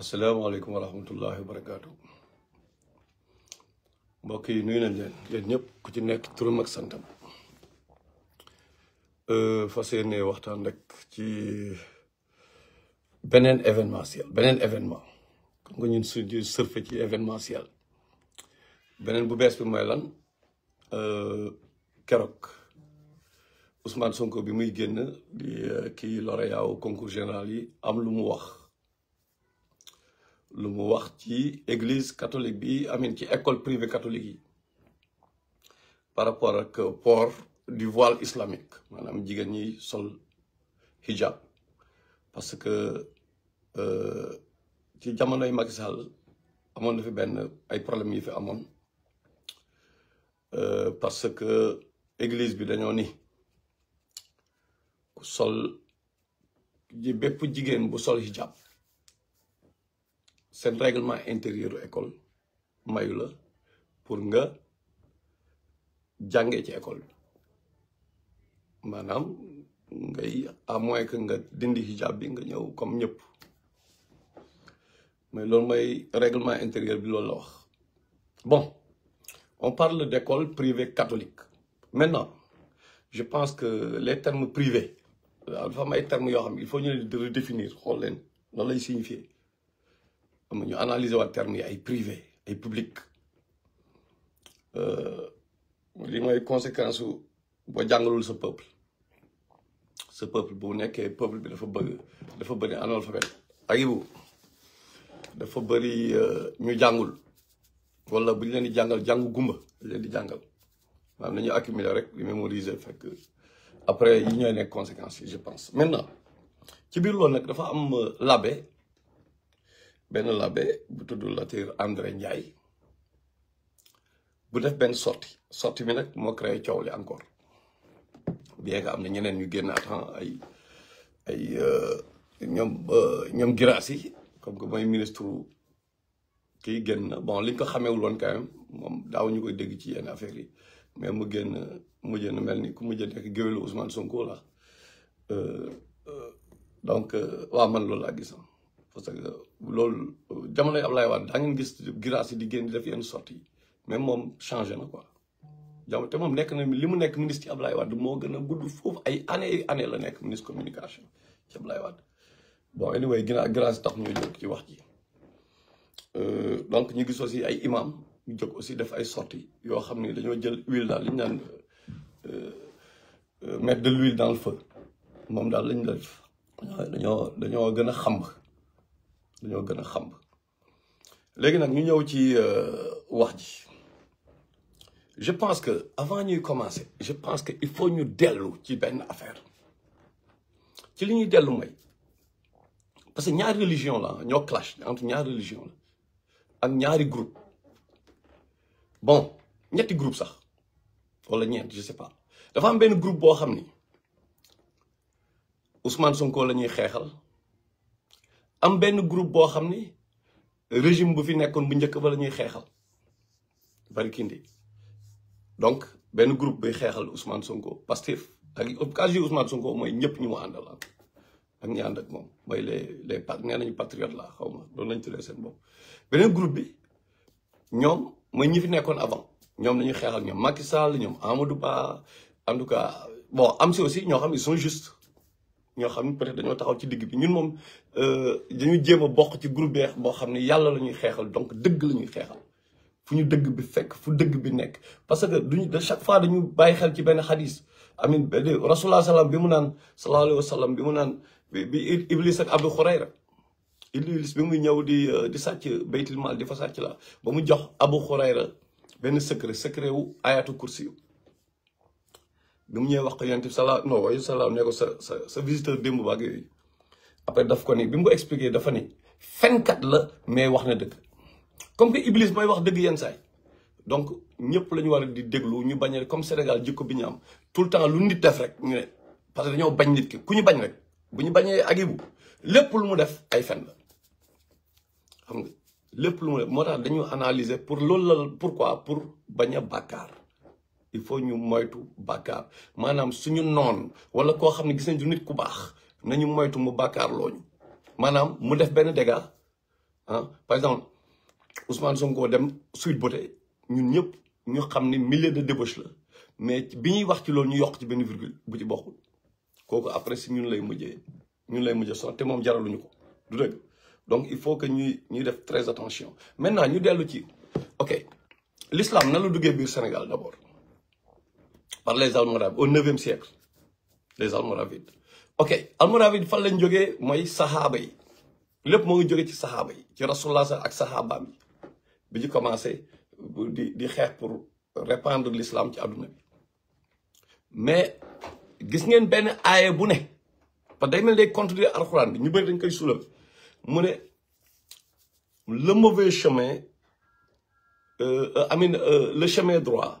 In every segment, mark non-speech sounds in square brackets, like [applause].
asalaamaaleykum wa rahmatullahi wa barakaatu mbokk yi nuyu nañ leen ñëpp ku ci nekk turam ak santam euh, fa yéene waxtaan rek ci beneen événementiel beneen événement comme nga ñun suñu surfe ci événementiel beneen bu bees bi mooy lan euh, kerook Ousmane Sonko bi muy génn di euh, kii lauréat wu concours général yi am lu mu wax lu mu wax ci église catholique bi amin ci école privée catholique yi par rapport ak port du voile islamique maanaam jigéen ñi sol hijab parce que euh, ci jamonoy Macky Sall amoon na fi benn ay problèmes yi fi amoon euh, parce que église bi dañoo ni ku sol ji bépp jigéen bu sol hijab le règlement intérieur école mayu pour nga jangé ci école manam ngay à moins que nga dindi hijab bi nga ñëw comme ñep mais lool may règlement intérieur bi lool la bon on parle d'école privée catholique maintenant je pense que les termes privés termes il faut ñu redéfinir ce que ça signifie signifier am analyser waat terme yi ay privé ay public euh, li mooy conséquence bo boo jàngalul sa peuple sa peuple bo nekkee peuple bi dafa bëgg dafa bëri analphabète ak yibu dafa bëri euh, ñu jangul wala buñu ñu leen di jàngal jàngu gumba leen di jàngal maanaam nañu accumuler rek di mémoriser fekk après yi ñooy nekk conséquences je pense maintenant ci biir lool nak dafa am euh, labé benn labbe bu tudd Latir André Ndiaye bu def benn sortie sortie bi nag moo créé coow li encore bien que am na ñeneen ñu génn temps ay ay euh, ñoom euh, ñoom Guirassy comme que mooy ministre kiy génn na bon liñ ko xamewul woon quand moom daaw ñu koy dégg ci yenn affaires yi mais mu génn mujj na mel ni ku mujj nekk géwélu Ousmane Sonko la euh, donc waaw man loolu laa gisam parce que loolu jamono yi Ablaye Wade daa ngeen gis grâce di génn di def yenn sorti yi mais moom changé na ko jamono te moom nekk na li mu nekk ministre ci Ablaye Wade moo gën a gudd foofu ay année année la nekk ministre communication ci Ablaye Wade bon anyway ginnaaw grâce tax ñu jóg ci wax ji euh, donc ñu gis ay imam ñu jóg aussi def ay sorti yoo xam ni dañoo jël huile daal li ñu naan euh, euh, mettre de l'huile dans le feu moom daal lañ def dañoo gën a xamb dañoo gën a xamb léegi nag ñu ñëw ci euh, wax ji je pense que avant ñuy commencé je pense que il faut ñu dellu ci benn affaire ci li ñuy dellu may parce que ñaari religion la ñoo clash entre ñaari religion la ak ñaari groupe bon ñetti groupe sax wala ñeent je sais pas dafa am benn groupe boo xam ni Ousmane Sonko la ñuy xeexal am benn groupe boo xam ni régime bu fi nekkoon bu njëkk ba la ñuy xeexal Barkindi donc benn groupe buy xeexal Ousmane Sonko Pastef ak casier Ousmane Sonko mooy ñëpp ñu mu àndal ak ñi ànd ak moom mooy les les pat nee nañu patriote la xaw ma doon lañ tuddee seen bopp. beneen groupe bi ñoom mooy ñi fi nekkoon avant ñoom la ñuy xeexal ñoom Macky Sall ñoom Amadou Ba en tout cas bon am si aussi ñoo xam ne ils sont ñoo xam ne peut-être dañoo taxaw ci digg bi ñun moom euh, dañu jéem a bokk ci groupe beex boo xam ne yàlla la ñuy xeexal donc dëgg la ñuy xeexal fu ñu dëgg bi fekk fu dëgg bi nekk parce que duñu de chaque fois dañu bàyyi xel ci benn xadis amin rasulullah salaam bi mu naan sallallahu alayhi wa sallam bi mu naan bi iblis ak abu xurayra iblis bi muy ñëw di euh, di sàcc baytil mal di fa sàcc la ba mu jox abu xurayra benn secret secret wu ayatu kursi bi mu ñëwee wax ko yonent bi salaa non waaye salaam ne ko sa sa sa visiteur démb ba ak yooyu après daf ko ni bi mu ko expliqué dafa ni fenkat la mais wax na dëgg comme que Iblis mooy wax dëgg yenn saay donc ñëpp la ñu war a di déglu ñu bañ comme Sénégal jikko bi ñu am tout le temps lu nit def rek ñu ne parce que dañoo bañ nit ki ku ñu bañ rek bu ñu bañee ak Ibou lépp lu mu def ay fen la xam nga lépp lu mu def moo tax dañu analyser pour loolu la pourquoi pour bañ a bàkkaar il faut ñu moytu Si manam suñu non, wala ko xamni ne gis nañu nit ku devons nañu moytu mu bàkkaar loñu manam mu def ah, par exemple Ousmane Sonko dem suit Beauté ñun ñep ñu xamni milliers de débauches. mais wax ci virgule après ñun lay ñun lay donc il faut que nous très attention maintenant ñu nous ci ok l'islam nous la duggé Sénégal d'abord par les almoravides au 9 9e siècle les almoravides ok almoravides il faut que les saxaaba yi lépp moo ngi jógee ci yi commencé pour répandre l'islam mais gis ngeen bu ne parce que mel ñu ils dañ koy le mauvais chemin euh, euh, euh, le chemin droit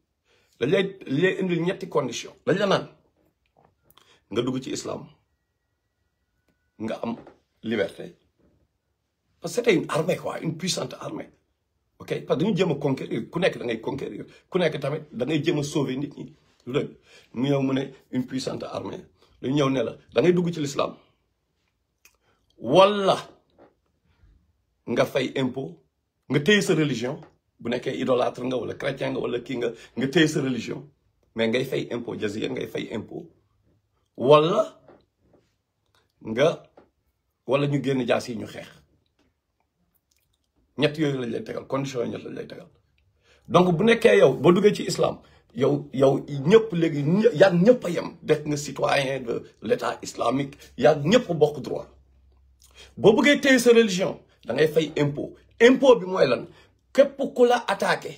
La y a condition la nga dugg ci liberté parce que c'était une armée quoi une puissante armée ok parce que nous, conquérir Nous conquérir sauver nit ñi une puissante armée Nous avons ne la da ngay dugg ci l'islam wala nga impôt religion bu nekkee idolâtre nga wala chrétien nga wala kii nga nga téye sa religion mais ngay fay impôt jaziya ngay fay impôt wala nga wala ñu génn jaas yi ñu xeex ñett yooyu lañ lay condition yi ñett lañ lay donc bu nekkee yow ba duggee ci islam yow yow ñëpp léegi yaag ñëpp yem def nga citoyen de l'état islamique yaag ñëpp bokk droit boo bëggee téye sa religion da ngay fay impôt impôt bi mooy lan képp ku la attaqué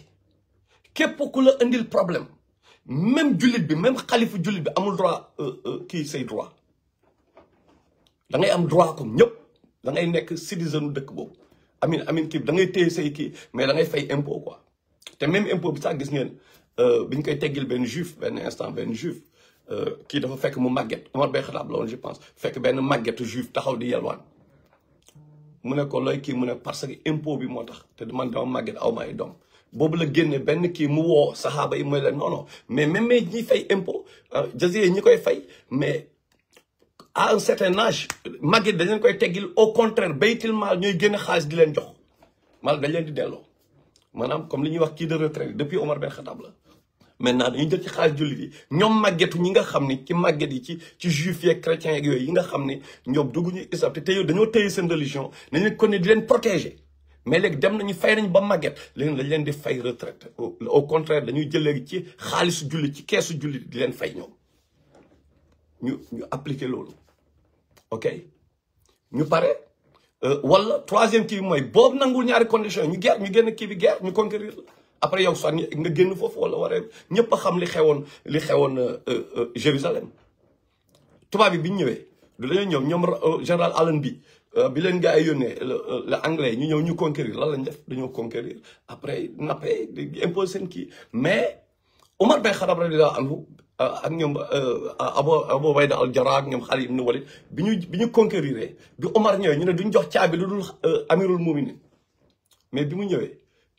képp ku la indil problème même jullit bi même xalifu jullit bi amul droit qui euh, euh, c'est droit da ngay am droit comme ñëpp da ngay nekk citizen dëkk boobu amin amin kii da ngay téye say kii mais da ngay fay impôt quoi te même impôt bi sax gis ngeen euh, bi ñu koy teggil benn juif benn instant benn juif kii dafa fekk mu màgget Omar Bey Xataab la woon je pense fekk benn màggetu juif taxaw di yelwaan mu ne ko looy kii mu ne parce que impot bi moo tax te du man dama màgget aw ma ay doom boobu la génne benn kii mu woo saxaaba yi mooy la non non mais même mais ñi fay impot euh, jasiye ñi koy fay mais à un certain âge màgget dañ koy teggil au contraire baytil maal ñooy génne xaalis di leen jox mal dañ leen di delloo maanaam comme li ñuy wax kii de retraite depuis Omar Ben Khattab la maintenant ñu jël ci xaalis jullit yi ñoom màggetu ñi nga xam ci magget yi ci ci juif yeeg chrétien yeeg yooyu yi nga xam ne ñoom dugguñu té te tey dañoo téye seen religion dañu ko di leen protéger mais léegi dem nañu fay nañu ba magget lén dañ leen di fay retraite au contraire dañuy jël léegi ci xaalisu jullit ci caisse jullit di leen fay ñom ñu ñu appliquer lolu ok ñu paré euh, wala troisième kii bi mooy boobu nangul ñaari condition ñu guerre ñu génn kii bi guerre ñu conquérir après yow soit nga génn foofu wala wala ñëpp xam li xewoon li xewoon euh, euh, Jérusalem tubaab bi bi ñu ñëwee du la ñëw ñoom euh, général Allenby bi leen gars yi yónnee le anglais ñu ñëw ñu conquérir lan lañ def dañoo conquérir après nappee di imposer seen kii mais Omar bin Khattab radiyallahu anhu ak ñoom Abu Abu Ubayda al Jarrah ak ñoom Khalid ibn Walid bi ñu bi ñu conquérir bi Omar ñëwee ñu ne duñ jox caabi lu dul amirul muminin mais bi mu ñëwee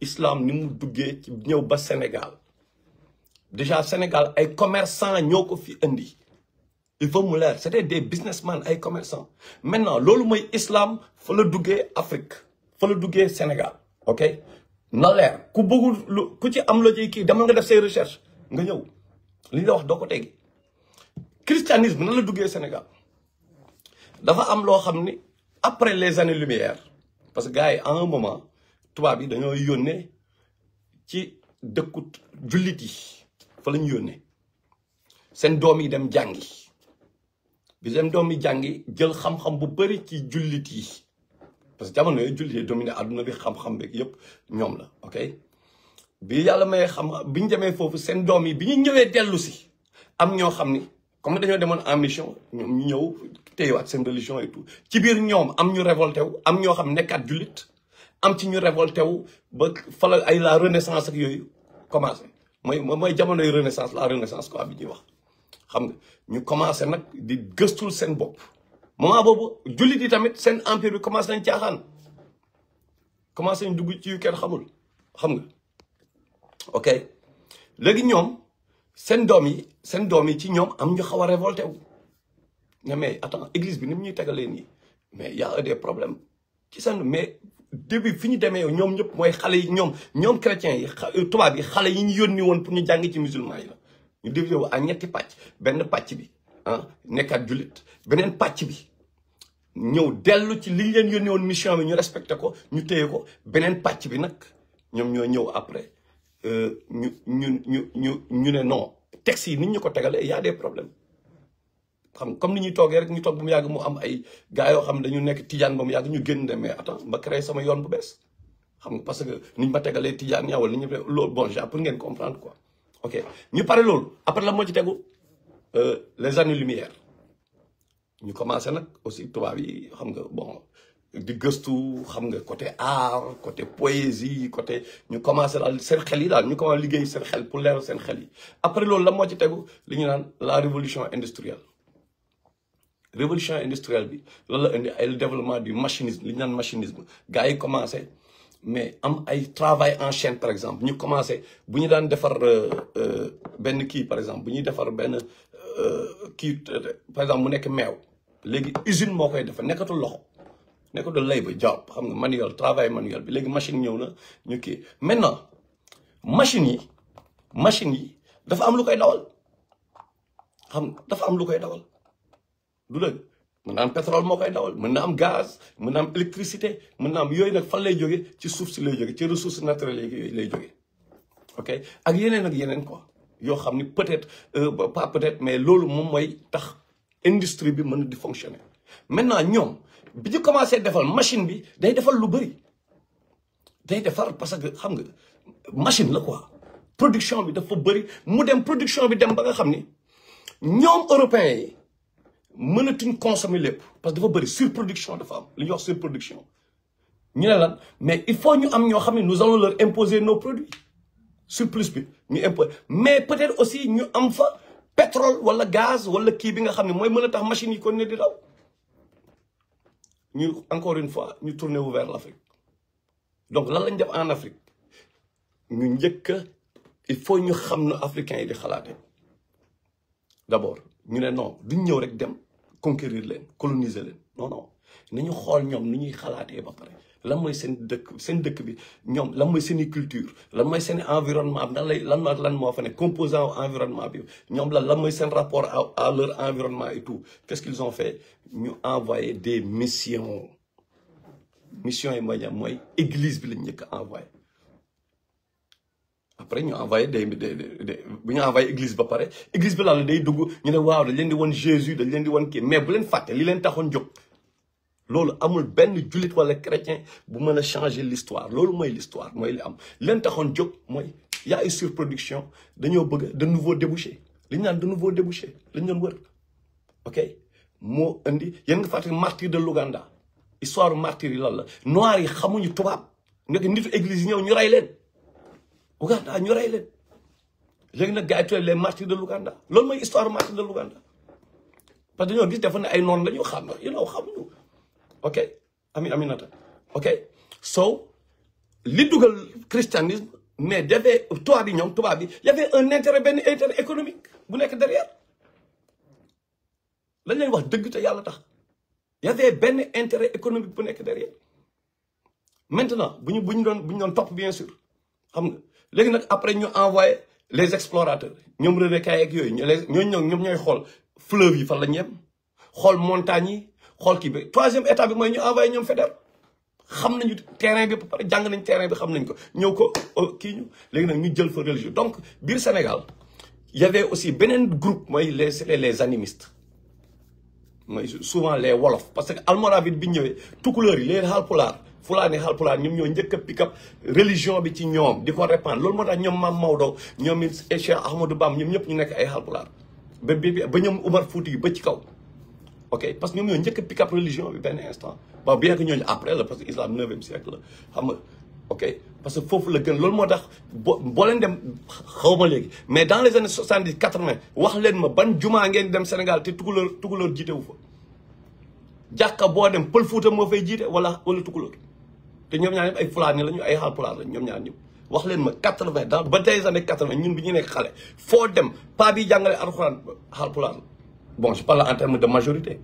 islam ni mu duggé ci Sénégal déjà Sénégal ay commerçant fi indi il faut c'était des businessmen ay commerçants maintenant lolu islam fa la duggé Afrique fa la duggé Sénégal ok na avez ku bëggul ku ci am nga def recherches nga li wax doko christianisme na la Sénégal dafa après les années lumière parce que gars à un moment tubaab bi dañoo yone ci dëkku jullit yi fa la yone sen seen dem jàngi bi dem doom yi jàngi jël xam-xam bu bari ci jullit yi parce que jamono yooyu jullit yi dominé àdduna bi xam-xam bi yépp ñom la ok bi yalla may xam biñu ñu fofu sen seen biñu ñëwé delu ci am ñoo xamni comme dañoo demoon en mission ñom ñëw téyewaat sen religion et tout ci bir ñom am ñu révolté am ñoo xam nekkat julit am ci révolté wu la renaissance ak yooyu commencé mooy la renaissance la renaissance quoi bi wax xam nga ñu commencé di je ne pas jullit yi tamit empire bi commencé nañ caaxaan commencé ci yu ok léegi ñoom seen doom yi seen faire des ci am ñu xaw révolté mais attends ni ñuy y a des problèmes mais début fi ñu demee ñoom ñëpp mooy xale yi ñoom ñoom chrétiens yi euh, tubaab yi xale yi ñu yónni woon pour ñu jàng ci musulman yi la ñu divisé wu ak ñetti pàcc benn pàcc bi ah nekkaat jullit beneen pàcc bi ñëw dellu ci li ñu leen yónni woon mission bi ñu respecté ko ñu téye ko beneen pàcc bi nag ñoom ñoo ñëw après euh, ñu ñu ñu ñu ñu ne non texte yi niñ ñu ko tegalee y a des problèmes xam comme ni ñuy toogee rek ñu toog ba mu yàgg mu am ay gars yoo xam ne dañu nekk tijaan ba mu yàgg ñu génn de mais attends ma créé sama yoon bu bees xam nga parce que ni ma tegalee tijaan yaa wala ni ñu loolu bon genre pour ngeen comprendre quoi ok ñu pare loolu après la moo ci tegu euh, les années lumière ñu commencé nag aussi tubaab yi xam nga bon di gëstu xam nga côté art côté poésie côté ñu commencé daal seen xel yi daal ñu commencé liggéey seen xel pour leeral seen après loolu la moo ci tegu li ñu naan la révolution industrielle révolution industrielle bi loolu la indi ay le développement du machinisme li ñu machinisme gaay yi commencé mais am ay travail en chaîne par exemple ñu commencé bu ñu daan defar euh, euh, ben ki par exemple bu ñuy defar benn euh, ki par exemple mu nek mew légui usine mo koy defar nekkatul loxo nekkatul labor job xam nga manuel travail manuel bi légui machine ñew na ñu ki maintenant machine yi machine yi dafa am lu koy dawal xam dafa am lu koy dawal du dëgg mën na am pétrole moo koy dawal mën na am gaz mën na électricité mën na am yooyu nag fan lay jógee ci suuf si lay jógee ci ressources naturelles yi lay jógee ok ak yeneen ak yeneen quoi yoo xam ni peut-être euh, pas peut-être mais loolu moom mooy tax industrie bi mën di fonctionner. maintenant ñoom bi ñu commencé defal machine bi day defal lu bëri day defar parce que xam nga machine la quoi production bi dafa bëri mu dem production bi dem ba nga xam ni ñoom européens yi. mënatuñ consommer lépp parce que dafa bëri surproduction dafa am li ñuy wax surproduction ñu ne lan mais il faut ñu am ñoo xam ne nous allons leur imposer nos produits surplus bi ñu imposer mais peut-être aussi ñu am fa pétrole wala gaz wala kii bi nga xam ne mooy mën a tax machine yi kon ne di daw ñu encore une fois ñu tourner wu vers l'Afrique donc lan lañ def en Afrique ñu njëkk il faut ñu xam africains yi di xalaate d'abord ñu ne non duñ ñëw rek dem conquérir les coloniser les non non nañu xol ñom ni ñuy xalaatee ba pare lan mooy sen dëkk seen dëkk bi ñom lan moy sen culture lan moy sen environnement bi lay lan lan mo fa ne composant environnement bi ñom la lan moy sen rapport à leur environnement et tout qu'est-ce qu'ils ont fait ñu envoyé des missions mission est moyen moi église bi lañ ñëk envoyé après ñu envoyé des day bu ñu envoyé église ba paré église ba la day dugg ñu né waaw dañ leen di won Jésus dañ leen di won kii mais bu leen faté li leen taxone jox lolu amul benn julit wala chrétien bu mëna changer l'histoire lolu moy l'histoire moy li am leen taxoon jóg mooy y a une surproduction dañoo bëgg de nouveaux débouchés li nane de nouveaux débouchés lañ doon wër ok mo indi yéen nga faté martyr de l'Ouganda histoire martyr yi lan la noir yi xamuñu tubaab nga nitu église ñëw ñu ray leen Ouganda ñu rey leen léegi nag gars yi tuddee les martyrs de l'Ouganda loolu mooy histoire martyrs de l'Ouganda parce que ñoo di dafa ne ay noonu la ñu xam yu naw xamuñu ok ami aminata ok so li dugal christianisme mais dafee tubaab yi ñoom tubaab yi y un intérêt benn intérêt économique bu nekk derrière lañ wax dëgg te yàlla tax y avait benn intérêt économique bu nekk derrière maintenant bu ñu bu ñu doon ñu doon topp bien sûr après envoyé les explorateurs nous avons les les les montagnes, les la troisième étape, nous avons envoyé ñoom Nous xam nañu terrain bi terrain, terrain bi xam nañ ko ñëw ko oh, donc au Sénégal il y avait aussi un groupe les les animistes souvent les Wolofs. parce que almoravid bi tout les haalpulaar fulaani xalpulaar ñoom ñoo njëkk a pick up religion bi ci ñoom di ko répandre loolu moo tax ñoom maam Maodo ñoom it Cheikh Ahmadou Bam ñoom ñëpp ñu nekk ay xalpulaar ba ba ñoom Umar Fouti ba ci kaw ok parce que ñoom ñoo njëkk a pick up religion bi benn instant bon bien que ñooñu après la parce que islam neuvième siècle la xam ok parce que foofu la gën loolu moo tax bo boo leen dem xaw ma léegi mais dans les années soixante dix quatre vingt wax leen ma ban jumaa ngeen dem Sénégal te tukulóor tukulóor jiite wu fa boo dem pël Fuuta moo fay jiite wala wala tukulóor te ñoom ñaar ñëpp ay pulaar ni la ay xaal pulaar lañ ñoom ñaar ñëpp wax leen ma 80 dans ba années 80, ñun bi ñu nekk xale foo dem pa bi jàngale alxuraan xaal bon je parle en termes de majorité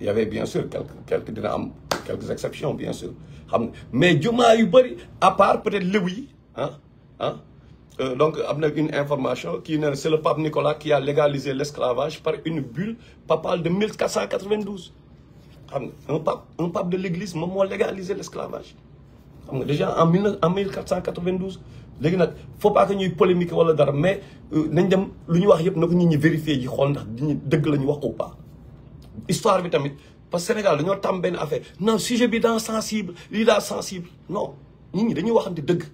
il y avait bien sûr quelques quelques dina am quelques exceptions bien sûr xam mais jumaa yu bari à part peut-être Louis. hein hein ah donc une information qui c'est le pape Nicolas qui a légalisé l'esclavage par une bulle papale de 1492 un pape un pape de l'église moi-même, a légalisé l'esclavage xam déjà en 1492, en mille faut pas que ñuy polémique wala dara mais euh, nañ dem luñu wax yépp nako ko ñi vérifier ji xol ndax diñu dëgg la wax ou pas histoire bi tamit parce que Sénégal dañoo tam ben affaire non sujet bi daa sensible lii daa sensible non nit ñi dañuy waxante deug.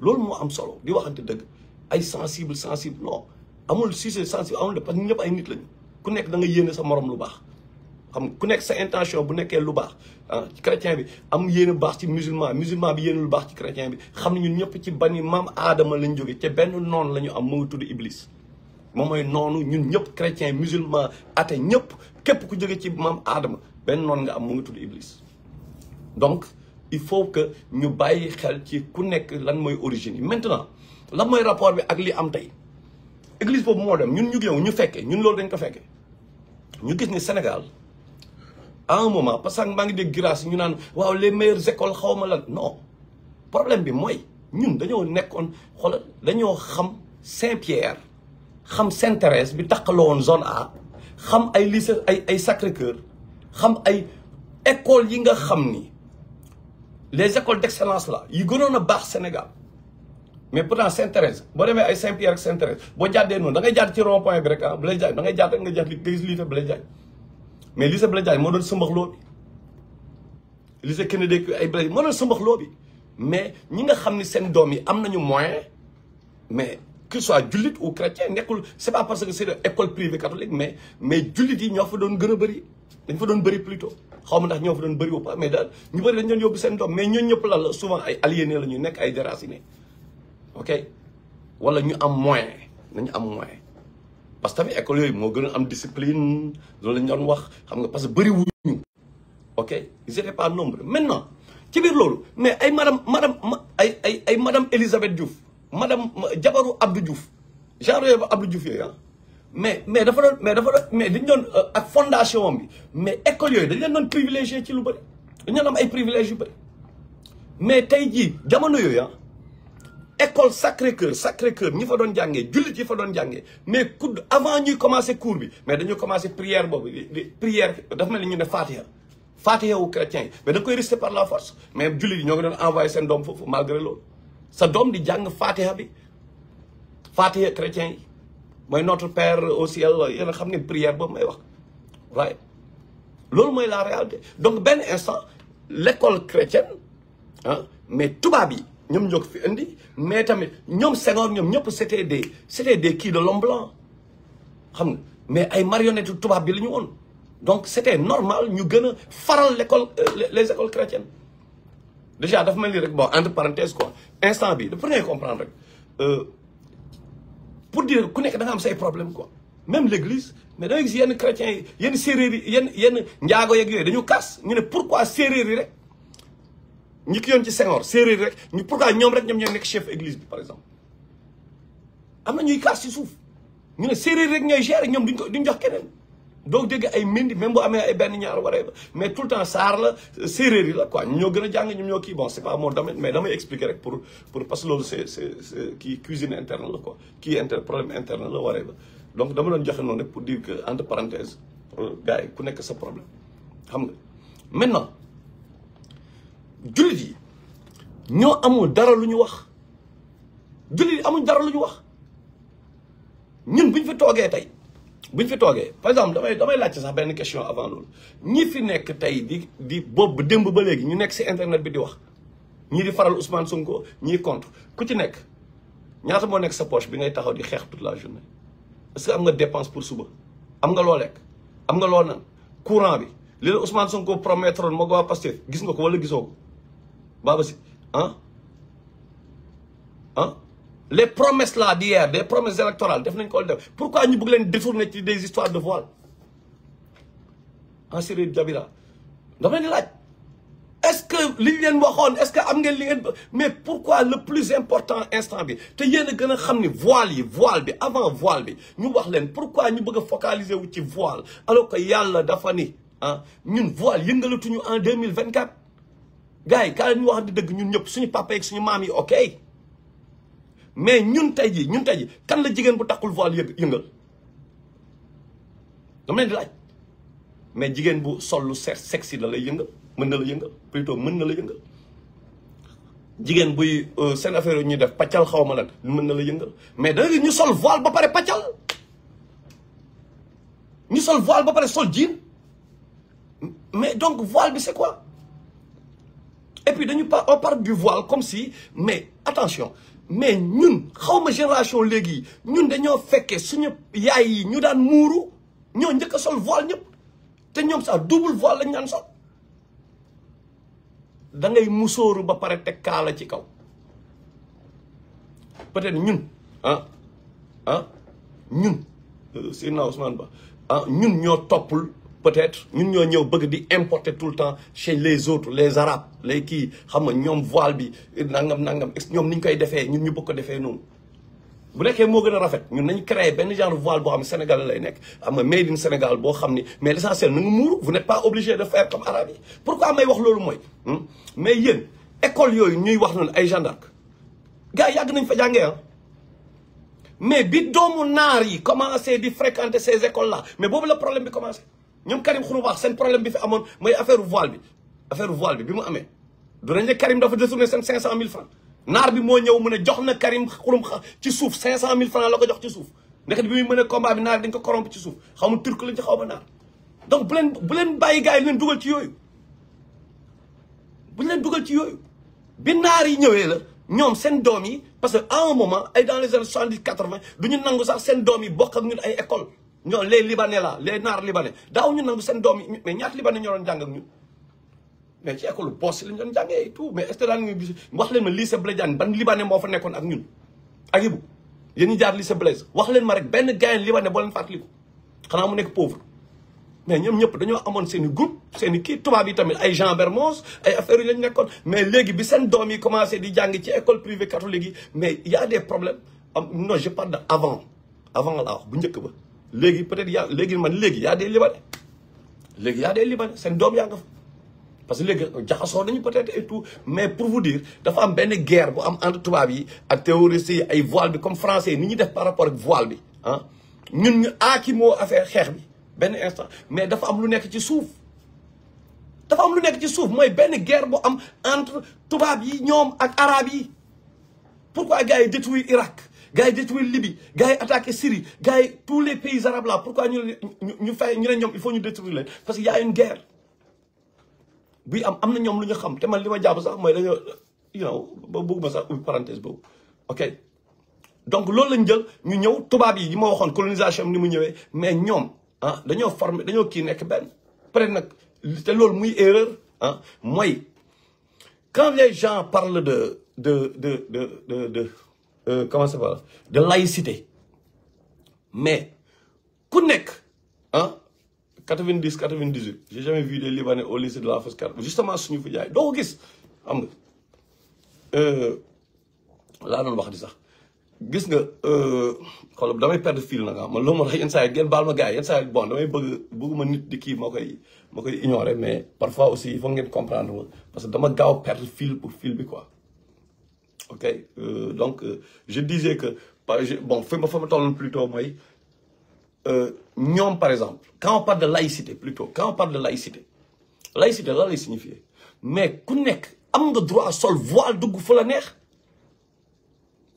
loolu mo am solo di waxante deug. ay sensible sensible non amul sujet sensible amul parce que ñepp ay nit lañu ku nekk da nga yéene sa morom lu baax xam ku nek sa intention bu lu ah, chrétien bi am ci musulman musulman bi lu ci chrétien bi xam ñun ci bani mam lañ am iblis sont moy nonu ñun sont chrétien musulman até ñëpp képp ku joggé ci mam nga am iblis donc il faut que ñu sont xel ci ku sont lan origine maintenant lan rapport bi ak li am tay église bobu sont dem ñun ñu sont ñu fekkee ñun loolu dañ ko ñu gis Sénégal à un moment parce que maa ngi dégg grâce ñu naan waaw les meilleures écoles xaw ma la non problème bi mooy ñun dañoo nekkoon xoola dañoo xam Saint-Pierre xam Sainte-Thérèse bi taqaloo woon zone A xam ay lycée ay ay Sacré-Cœur xam ay écoles yi nga xam ni les écoles d'excellence là yi gënoon a baax Sénégal mais pourtant Sainte-Thérèse boo demee ay Saint-Pierre ak Sainte-Thérèse boo jàddee noonu da ngay ci rond-point bi rek ah Blaise Diagne da ngay nga jàdd mais lycée Blaise Diagne moo doon sëmbaxloo bi lycée Kennedy ay Blaise moo doon bi mais ñi nga xam ni seen doom yi am nañu moyen mais qu'il soit jullit ou chrétien nekkul c'est pas parce que c'est école privée catholique mais mais jullit yi ñoo fa doon gën a bëri dañ fa doon bëri plutôt xaw ma ndax ñoo fa doon bëri wo pas mais daal ñu bëri dañ doon yóbbu seen doom mais ñoo ñëpp la la souvent ay aliénés la ñu nekk ay déracinés ok wala ñu am moyen nañu am moyen parce que l'école, école discipline la parce ok ils n'étaient pas nombreux maintenant mais madame madame Elisabeth Diouf madame jabaru Abdou Diouf jean yooyu Abdou ah. mais mais dafa mais mais euh, fondation mais école privilégié privilèges mais des école Sacré-Cœur Sacré-Cœur ni fa doon jangé jullit yi fa doon jangé mais kudd avant ñuy commencer cours bi mais dañu commencer prière bobu prière dafa mel ni ñu def Fatiha Fatiha wu chrétien mais dañ koy rester par la force mais jullit yi ñoo ngi doon envoyer sen dom fofu malgré tout, sa dom di jàng Fatiha bi Fatiha chrétien mais notre père au ciel yalla a prière bobu may wax right loolu moy la réalité donc ben instant l'école chrétienne hein mais tout bi ñom ñok fi indi mais tamit ñom Senghor ñom ñëpp c'était des c'était des kii de l'homme blanc xam nga mais ay marionnette tubaab bi la ñu donc c'était normal ñu gëna faral l'école euh, les écoles chrétiennes déjà daf mel ni rek bon entre parenthèses quoi instant bi de ngay comprendre rek euh, pour dire ku nek da nga am say problème quoi même l'église mais da ngay gis yenn chrétiens yi yenn séeréer yi yenn yenn njaago yeeg yooyu dañu kas ñu né pourquoi séréri rek ñi ki yoon ci Senghor séeréer rek ñu pourquoi ñoom rek ñoom ñooy nekk chef église bi par exemple am na ñuy kaas ci suuf ñu ne séeréer rek ñooy gérer ñoom duñ ko duñ jox keneen doo dégg ay mindi même bu amee ay benn ñaar waree ba mais tout le temps saar la séeréer yi la quoi ñoo gën a jàng ñoom ñoo kii bon c'est pas mon mais damay expliquer rek pour pour parce que loolu c'est c'est kii cuisine interne la quoi kii problème interne la waree ba donc dama doon joxe noon rek pour dire ku nekk sa problème xam nga maintenant je yi ñoo amul dara lu ñu wax yi dara lu wax ñun buñ fi tay buñ fi par exemple damay damay vous sax une question avant ñi fi nekk tay di di vous ba ñu ci internet bi di wax ñi di faral Ousmane Sonko ñi contre ku ci nekk ñaata mo nekk sa poche bi ngay taxaw di toute la journée est-ce que am nga dépense pour suba am nga lolek am nga lo courant bi li Ousmane Sonko promettre mo go gis nga ko wala gisoko bah, bah, hein? Hein? Les promesses là d'hier, des promesses électorales, pourquoi nous voulons détourner des histoires de voile En Syrie, Djabira. Est-ce que l'Union Wahon, est-ce que Amgen Mais pourquoi le plus important instant Tu sais, il voile des voile, voile, avant voile. Nous voulons pourquoi nous voulons focaliser sur voile alors que Yalla Dafani, hein? Ah, nous voile, en 2024. gars yi kaa wax di deug ñun ñep suñu papa ak suñu mam yi ok mais ñun tay ji ñun tay ji kan la jigen bu takul voile yë yëngal dama leen di laaj mais jigen bu sol lu sexy la lay yëngal mën na la yëngal plutôt mën na la yëngal jigen bu euh, sen affaire ñu def patial xawma la mën na la yëngal mais da ñu sol voile ba pare patial ñu sol voile ba pare sol jean mais donc voile bi c'est quoi et puis on parle du voile comme si mais attention mais nous, xawma génération que nous nous suñu yaay yi ñu daan nous ñoo voile nous avons double voile Nous que nous, da peut-être nous nous, nous, nous, nous, Ousmane ah, nous, nous peut-être ñun ñoo ñëw bëgg di importer tout le temps chez les autres les arabes les qui xam nga ñom voile bi nangam nangam ñoom ni ñu koy défé ñun ñu bëgg ko défé non bu nekké mo gëna rafet ñun nañ créer ben genre voile bo xam Sénégal lay nekk am nga made in Sénégal bo xam ni mais l'essentiel na nga muuru vous n'êtes pas obligé de faire comme arabe pourquoi may wax lolu moy hmm? mais yeen école yoy ñuy wax non ay Jeanne gars yag nañ fa jangé ah mais bi doomu nar yi commencé di fréquenter ces écoles là mais bobu le problème bi commencé ñoom Karim xunu xax sen problème bi fi amone moy affaire voile bi affaire voile bi bi amé du nañ ne Karim dafa détourné sen 500000 francs nar bi mo ñëw mu ne jox na Karim xulum ci souf 500000 francs la ko jox ci souf ndeket bi muy mën combat bi nar dañ ko corrompre ci souf xamu ma lañ ci xaw nar donc bu len bu len baye gaay len duggal ci yoy bu len duggal ci yoy bi nar yi ñewé la ñom sen doom yi parce que à un moment ay dans les annees 70 80 duñu nangu sax sen doom yi bokk ak ñun ay école ñoo les libanais la les naar libanais daaw ñu nangu seen doom yi mais ñaat libanais ñoo doon jàng ak ñun mais ci école boos lañ doon jàngee et tout mais est-ce wax leen ma lycée Blaise Diagne ban libanais moo fa nekkoon ak ñun ak Ibou yéen ñi jaar lycée Blaise wax leen ma rek benn gayen libanais boo leen fàttaliku mu nekk pauvre mais ñoom ñëpp dañoo amoon seen i groupe seen i kii tubaab yi tamit ay Jean Bermos ay affaire mais léegi bi seen doom yi commencé di jàng ci école privée catholique yi mais y a des problèmes non je parle de avant avant la wax bu njëkk ba Légui, peut-être légui man des libanais y a des libanais parce que légui jaxasoo nañu peut-être mais pour vous dire dafa am ben guerre bu am entre Toba yi ak terroristes ay voile bi comme français ni def par rapport ak voile bi hein ñun ñu affaire bi instant mais dafa am lu nekk ci dafa am lu nekk ci guerre bu am entre Toba, yi ñom ak arab yi pourquoi gars ont détruire Irak gars yi détruire Libye gars yi Syrie gars tous les pays arabes là pourquoi ñu ñu fay ñu ne ñoom il faut ñu détruire leen parce qu'il y a une guerre bi am am na ñoom lu ñu xam te man li ma sax mooy dañoo you know ba bëgguma sax ubbi parenthèse boobu ok donc loolu lañ jël ñu ñëw tubaab yi yi ma waxoon colonisation ni mu ñëwee mais ñoom ah dañoo former dañoo kii nekk benn peut nag c'est loolu muy erreur ah mooy quand les gens parlent de de de de de de euh, comment ça va de laïcité mais 90 98 hein? j'ai jamais vu des libanais au lycée de la Foscar justement suñu je jaay ko gis xam euh la non wax di sax gis nga euh, xoolal damay perdre fil na nga lomo que bon damay mais parfois aussi il faut ngeen comprendre parce que dama gaaw perdre fil pour fil quoi ok euh, donc euh, je disais que bon fais ma femme ma plutôt, moi. Euh, ñoom par exemple quand on parle de laïcité plutôt quand on parle de laïcité laïcité là, elle signifie mais ku nekk am nga droit à sol voile de fu la nerf.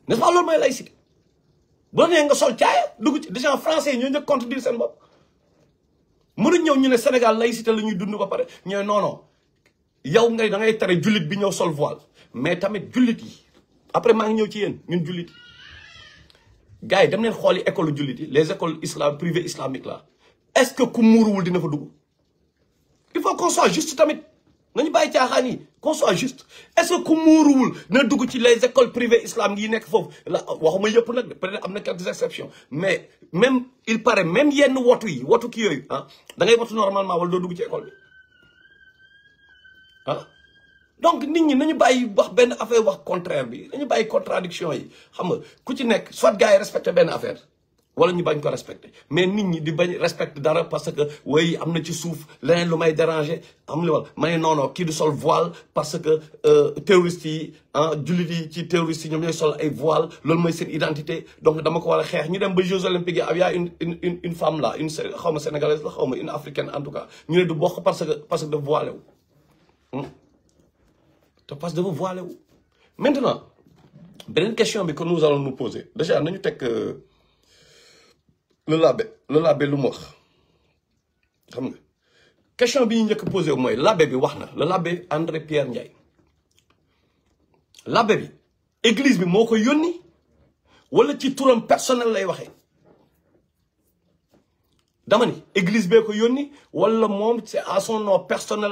n'est-ce pas loolu mooy laïcité Bon, la a nga sol caaya dugg ci déjà français yi a njëkk contredire seen bopp mënuñ ñëw ñu ne Sénégal laïcité la ñuy dund ba pare Non, non non yow ngay da ngay tere du bi bignon sol voile mais tamit du lit après maa ngi ñëw ci yéen ñun jullit gars yi dem leen école Julit, les écoles islam privées islamiques là est-ce que ku muuruwul dina fa dugg il faut qu'on soit juste tamit nañu bàyyi caaxaan qu'on soit juste est-ce que ku muuruwul dina dugg ci les écoles privées islamiques yi nekk foofu la waxuma yëpp nag peut-être am quelques exceptions mais même il paraît même y yenn wotu yi wotu ki yooyu ah da ngay wotu normalement wala doo dugg ci école bi ah donc nit ñi nañu bàyyi wax benn affaire wax contraire bi nañu bàyyi contradiction yi xam nga ku ci nek soit gars yi respecté benn affaire wala ñu bañ ko respecté mais nit ñi di bañ respecté dara parce que way am na ci suuf leneen lu may déranger am li wala ma non non kii du sol voile parce que euh, terroristes yi ah jullit yi ci terroristes yi ñoom ñooy sol ay voile loolu mooy seen identité donc dama ko war a xeex ñu dem ba Jeux olympiques yi ab ah, une une une femme là une xaw ma sénégalaise la xaw ma une africaine en tout cas ñu ne du bokk parce que parce que de voilé te Passe de vous voir. maintenant une question que nous allons nous poser déjà nous avons euh, le que le le question que nous poser le labe André Pierre Ndiaye l'église, bi église bi personnel L'église c'est à son nom personnel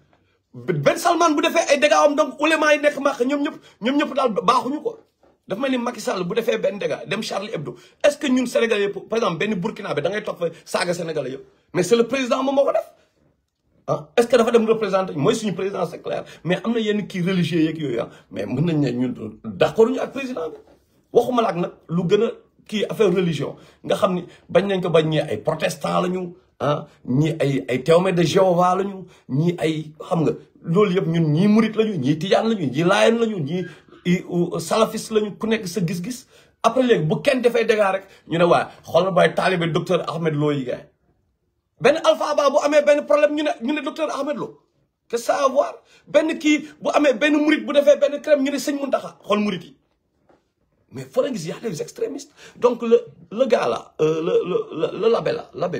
Ben Salman bu defee ay dégâts am donc ulema yi nekk Màkka ñoom ñëpp ñoom ñëpp daal baaxuñu ko dafa mel ni Macky Sall bu defee benn dégâts dem Charlie Hebdo est-ce que ñun Sénégalais yëpp par exemple benn Burkina bi da ngay topp saaga Sénégalais yëpp mais c'est le président moom moo ko def ah est-ce que dafa dem représenté mooy suñu président c'est mais am na yenn kii religieux yeeg yooyu ah, mais mën nañ ne ñun ñu ak président bi waxuma la ak nag lu gën a kii affaire religion nga xam ni bañ nañ ko bañ ñee ay protestant lañu. ah ñii ay ay témoins de Jéhovah ñu ñii ay xam nga loolu yëpp ñun ñii murit lañu ñii tijaan lañu ñii laayeen lañu ñii salafis lañu ku nekk sa gis-gis. après leg bu kenn defee dégâts rek ñu ne waa xoolal baay taalibe docteur Ahmed Lo yi gaay benn Alpha Ba bu amee benn problème ñu ne ñu ne docteur Ahmed Lo que ça avoir benn kii bu amee benn murit bu defee benn crème ñu ne sëñ Muntaxa xool murit yi. mais foo leen gis y a des donc le le gars là euh, le le le l'abbé là bi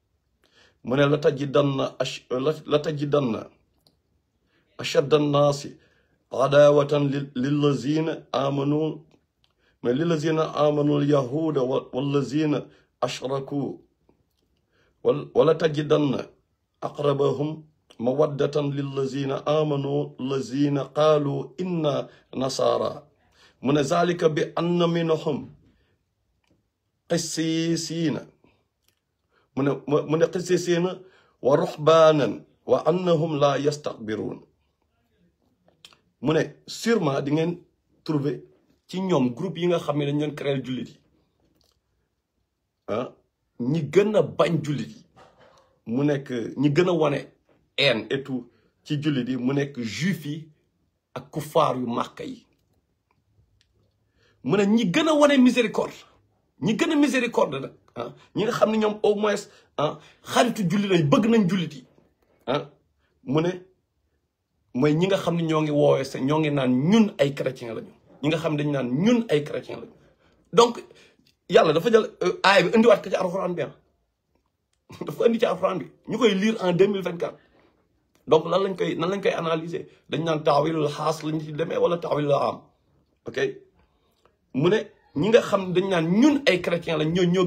من لا تجدن لا تجدن اشد الناس عداوة للذين امنوا من للذين امنوا اليهود والذين اشركوا ولا تجدن اقربهم مودة للذين امنوا الذين قالوا انا نصارى من ذلك بان منهم قسيسين mu ne mu ne na wa ruxbaanan wa annahum la yastakbiruun mu ne sûrement di ngeen trouver ci ñoom groupe yi nga xam ne dañ leen créer jullit yi ah, ñi gën a bañ jullit yi mu nekk ñi gën a wane haine et ci jullit yi mu nekk juif yi ak kufaar yu màkka yi mu ne ñi gën a wane miséricorde ñi gën a miséricorde nag ah ñi nga xam ne ñoom au moins ah xaritu jullit lañ bëgg nañ jullit yi ah. mu ne mooy ñi nga xam ne ñoo ngi woowee se ñoo ngi naan ñun ay chrétien lañu ñi nga xam dañu naan ñun ay chrétien lañu donc yàlla dafa jël euh, aay bi indiwaat ko ci alxuraan bi ah. [laughs] dafa indi ci alxuraan bi ñu koy liir en deux mille vingt quatre donc lan lañ koy nan lañ koy analyser dañ naan taawilul xaas lañ ci demee wala taawilul am ok mu ne. ñi nga xam dañ naan ñun ay chrétien la ñoo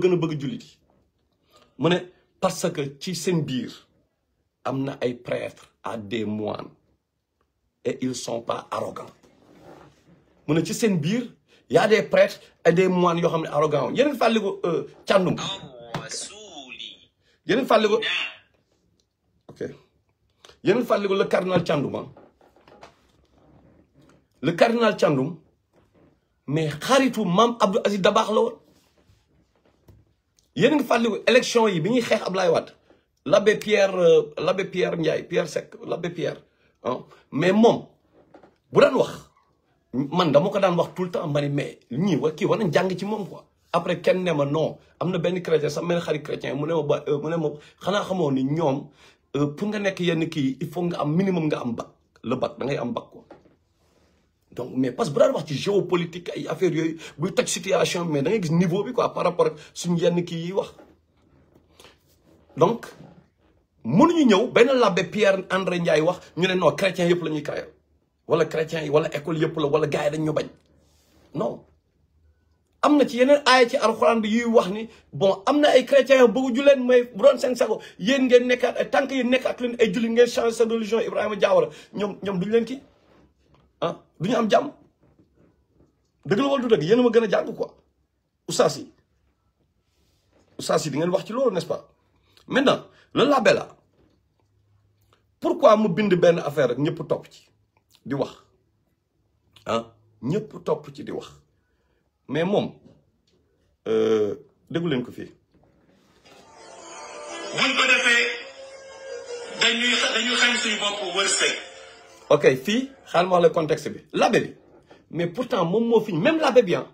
parce que ci seen il y a des prêtres à des moines et ils ne sont pas arrogants mu ne ci il y a des prêtres et des moines qui sont arrogants Vous yeneen fàlli ko euh, càndum yeneen fàlli ko ok le cardinal cànduma le cardinal càndum ah. mais xaritu maam Abdou Aziz Dabaax la woon yéen ngi fàttaliku élection yi bi ñuy xeex Ablaye Wade l'abbé Pierre euh, l'abbé Pierre Ndiaye Pierre la l'abbé Pierre mais moom bu daan wax man dama ko daan wax tout le temps ma mais ñii wa kii war nañ jàng ci moom quoi après kenn ne ma non am na benn chrétien sax mel xarit chrétien mu ne ma ba euh, mu ne mo xanaa xamoo ni ñoom euh, pour ga nekk yenn kii il faut nga am minimum nga am bac le bac da ngay am bac donc mais pas que bu wax ci géopolitique ay affaire yooyu buy toj situation mais da ngay gis niveau bi quoi par rapport ak suñu yenn ki yi wax donc ñu ñëw ben labbe Pierre André Ndiaye wax ñu ne non chrétien yëpp lañuy ñuy wala chrétien wala école yëpp la wala gaay yi dañ ñu bañ non amna ci yeneen ay ci alcorane bi yuy wax ni bon amna ay chrétien yoo bëgg ju may bu doon sen sago yeen ngeen nekkaat tank yi nekk nekkaat leen ay julli ngeen changer sa religion Ibrahima Diawara ñom ñom duñ leen ki ah du ñu am jàmm dëgg la wala du dëgg yéen gën a jàng quoi oustaz yi oustaz yi di ngeen wax ci loolu n'est-ce pas maintenant le labé là pourquoi mu bind benn affaire rek ñëpp topp ci di wax ah ñëpp topp ci di wax mais moom euh, déglu ko fii. buñ ko defee dañuy dañuy xañ suñu bopp wërsëg. ok fille, xaaral moi le contexte La mais pourtant même la bébé, ah.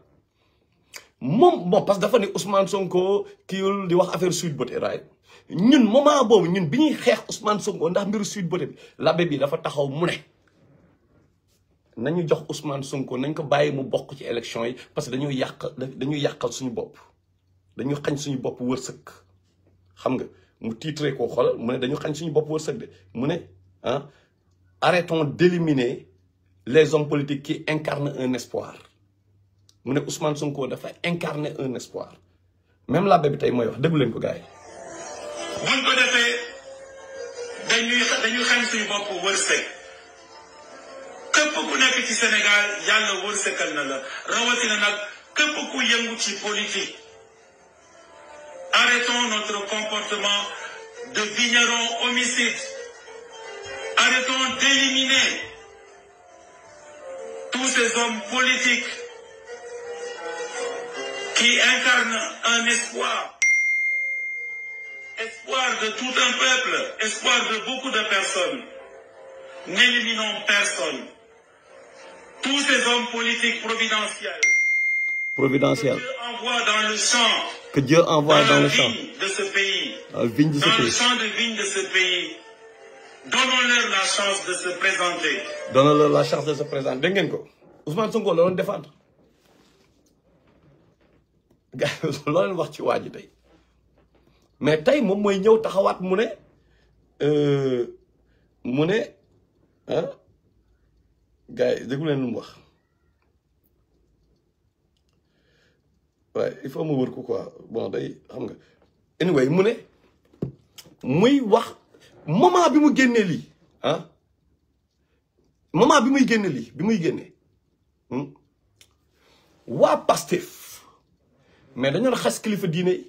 bon parce que dafa a Ousmane Sonko kiiwul di wax affaire Sweet Beauté right ñun moment boobu ñun bi ñuy Ousmane Sonko ndax mbiru la Beauté bi la bi dafa taxaw mu ne nañu jox Ousmane Sonko nañ ko bàyyi élection parce que nous yàq dañuy suñu bopp dañu nous suñu bopp wërsëg xam nga mu tiitre mu dañu suñu ah arrêtons d'éliminer les hommes politiques qui incarnent un espoir Moune Ousmane Sonko fait incarner un espoir même la bébé tey mooy wax déglu vous ko gars buñ ko defee vous dañuy xañ suñu bopp wërsëg képp ku nekk ci Sénégal yalla wërsëgal na la rawatina nag képp ku yëngu ci politique arrêtons notre comportement de vignerons homicides. Arrêtons d'éliminer tous ces hommes politiques qui incarnent un espoir. Espoir de tout un peuple, espoir de beaucoup de personnes. N'éliminons personne. Tous ces hommes politiques providentiels. Que Dieu envoie dans le champ. de ce pays. de ce pays Donnons-leur la chance de se présenter. Donnons-leur la chance de se présenter. Dégg Ousmane Sonko la défendre gars le [laughs] tay. mais tu moom mooy ñëw taxawaat ne euh, mu hein? gars yi déglu leen il faut wër quoi bon day anyway muy moment bi mu génnee lii ah moment bi muy génne lii bi muy génne hmm? waa Pastef mais dañoo xas kilifa diine yi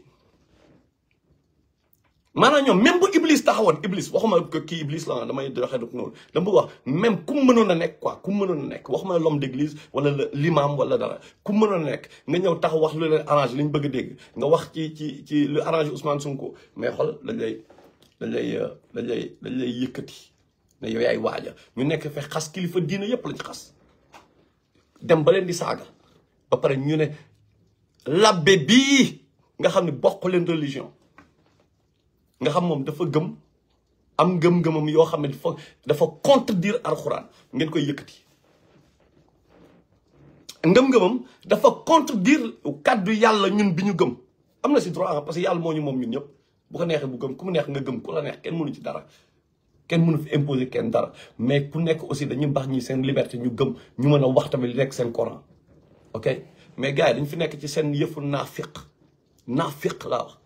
maanaam ñoom même bu Iblis taxawoon Iblis waxuma que kii Iblis la damay doxee rek noonu dama bëgg wax même ku a nekk quoi ku mënoon a nekk waxuma l'homme d'église wala l'imam wala dara ku mënoon a nekk nga ñëw tax wax lu leen arrange li ñu bëgg a dégg nga wax ci ci ci lu arrange Ousmane Sonko mais xool dañ lay. dañ lay dañ lay dañ lay yëkkati ne yow yaay waaja ñu nekk fe xas kilifa diina yépp lañ xas dem ba leen di saaga ba pare ñu ne labbe bii nga xam ne leen religion nga xam moom dafa gëm am gëm-gëmam yoo xam ne dafa dafa contredire alxuraan ngeen koy yëkkati ngëm-ngëmam dafa contredire kàddu yàlla ñun bi gëm am na si droit parce que yàlla moo ñu ñun ñëpp bu ko neexee bu gëm ku mu neex nga gëm ku la neex kenn mënu ci dara kenn munu fi imposer kenn dara mais ku nekk aussi dañuy baax ñi seen liberté ñu gëm ñu mën a wax tamit li nekk seen coran ok mais gars yi dañ fi nekk ci seen yëfu naafiq naafiq laa wax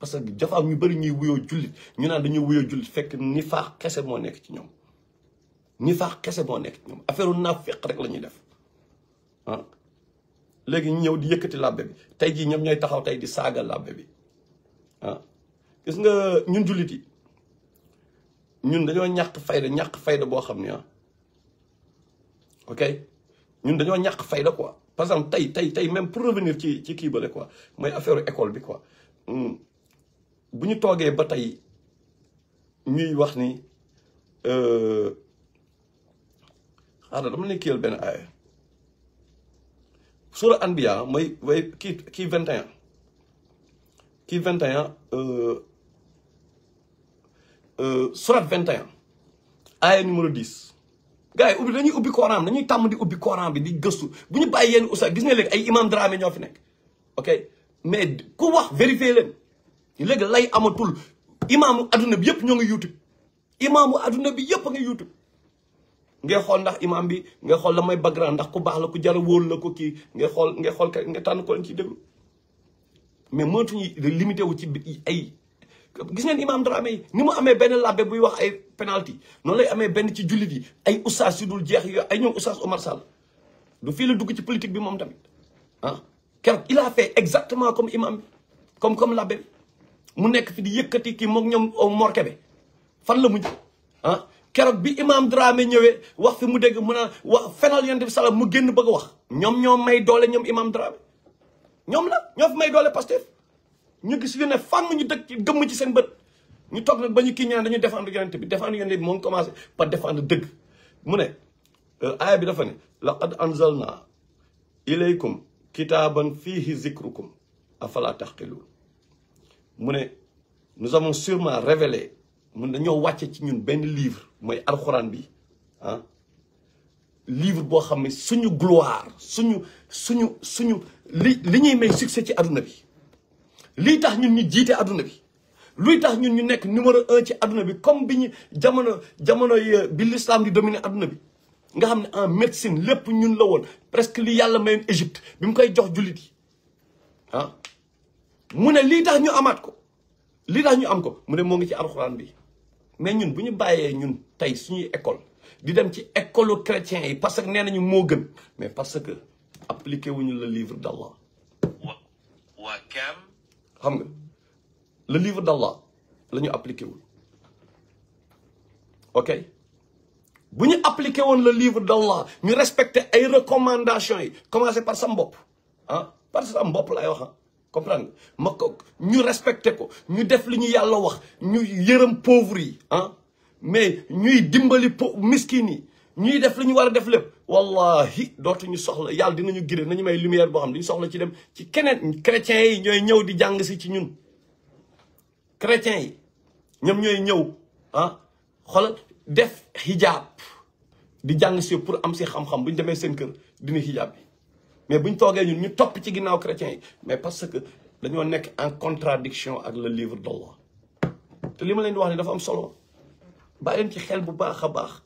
parce que dafa am ñu bëri ñuy wuyoo jullit ñu naan dañuy wuyoo jullit fekk ni faax kese moo nekk ci ñoom ni faax kese moo nekk ci ñoom affaire naafiq rek la ñuy def ah. léegi ñu ñëw di yëkkati làbbe bi tey jii ñoom ñooy taxaw tey di saaga làbbe bi ah. gis nga ñun jullit yi ñun dañoo ñàkk fayda ñàkk fayda boo xam ne ah ok ñun dañoo ñàkk fayda quoi par exemple tey tey tey même pour revenir ci ci kii bale quoi mooy affaire école bi quoi hmm. bu ñu toogee ba tey ñuy wax ni euh, xaaral dama ne kiyal benn aaya sura Anbiya mooy way kii kii 21 kii 21 Euh, sourate 21 aaya numéro 10 gars yi ubbi dañuy ubbi Coran bi dañuy tàmm di ubbi Coran bi di gëstu bu ñu bàyyi yenn oustaz gis nga léegi ay imam Dramé ñoo fi nekk ok mais ku wax vérifier leen léegi lay amatul imaamu adduna bi yëpp ñoo ngi YouTube imaamu adduna bi yëpp ngi YouTube ngay xool ndax imaam bi ngay xool la may background ndax ku baax la ku jar la ko kii ngay xool ngay xool nga tànn ko leen ciy déglu mais mënatuñu limité wu ci ay gis ngeen imam Dramé yi ni mu amee benn labbe buy wax ay penalty noonu lay amee benn ci jullit yi ay oustaz yu dul jeex yo ay ñoom oustaz Omar Sall du fii la dugg ci politique bi moom tamit ah keroog il a exactement comme imam comme comme labbe bi mu nekk fi di yëkkati kii moom ñoom euh, morke bi fan la mu ah keroog bi imam Dramé ñëwee wax fi mu dégg mën a wax fenal yonent bi salam mu génn bëgg wax ñoom ñoom may doole ñoom imam Dramé ñoom la ñoo fi may doole Pastef ñu gis yu ne fàmm ñu dëkk ci gëmm ci seen bët ñu toog nag ba ñu kii ñaan dañu défendre yonent bi défendre yonent bi moo ngi commencé par défendre dëgg mu ne euh, aaya bi dafa ne laqad anzalna ilaykum kitaaban fiihi zikrukum afala taqiluun mu ne nous avons sûrement révélé mun dañoo wàcce ci ñun benn livre mooy alxuraan bi ah livre boo xam ne suñu gloire suñu suñu suñu li li ñuy may succès ci àdduna bi li tax ñun ñu jité aduna bi luy tax ñun ñu nek numéro 1 ci aduna bi comme bi jamono jamono bi l'islam di dominer aduna bi nga xamné en médecine lepp ñun la won presque li yàlla mayoon Égypte bi mu koy jox julit yi ha ah. mu ne lii tax ñu amat ko li tax ñu am ko mu ne moo ngi ci alcorane bi mais ñun buñu bayé ñun tay suñu école di dem ci école chrétien yi parce que nee nañu moo gën mais parce que appliquer wuñu le livre d'Allah wa kam le livre d'Allah la nous appliqué ok bu nous appliquons le livre d'Allah Nous respectons les recommandations yi commencé par sam ah par sam comprenez Nous wax ah. comprendre ma ko ñu respecté ko ñu def li ñu yàlla wax ñu ah. mais ñuy dimbali ñuy def li ñu war a def lépp wallahi dootuñu soxla yàlla dinañu gide nañu may lumière boo xam ne ñu soxla ci dem ci keneen chrétiens yi ñooy ñëw di jàng si ci ñun chrétiens yi ñoom ñooy ñëw ah xol def hijab di jàng si pour am si xam-xam bu ñu demee seen kër dina hijab bi mais bu ñu toogee ñun ñu topp ci ginnaaw chrétiens yi mais parce que dañoo nekk en contradiction ak le livre d'Allah te li ma leen di wax ne dafa am solo bàyyi leen ci xel bu baax a baax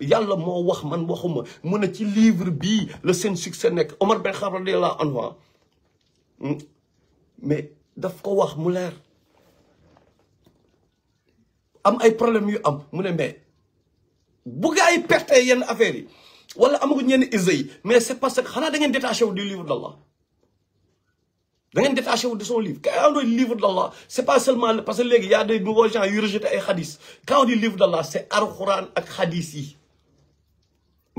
yalla mo wax man waxuma mu ne ci livre bi, le seen succès nek Omar Ben Khattab radhiyallahu anhu ah. hmm. mais daf ko wax mu leer am ay problème yu am mu ne mais bu gaa perte yenn affaire yi wala amaguñ ñen ise mais c'est parce que xana da ngeen détaché du livre d'Allah da ngeen détaché de son livre quand on dit livre d'Allah c'est pas seulement parce que les y a des nouveaux gens yu rejeté ay hadiths. quand on dit livre d'Allah c'est ar ak hadith yi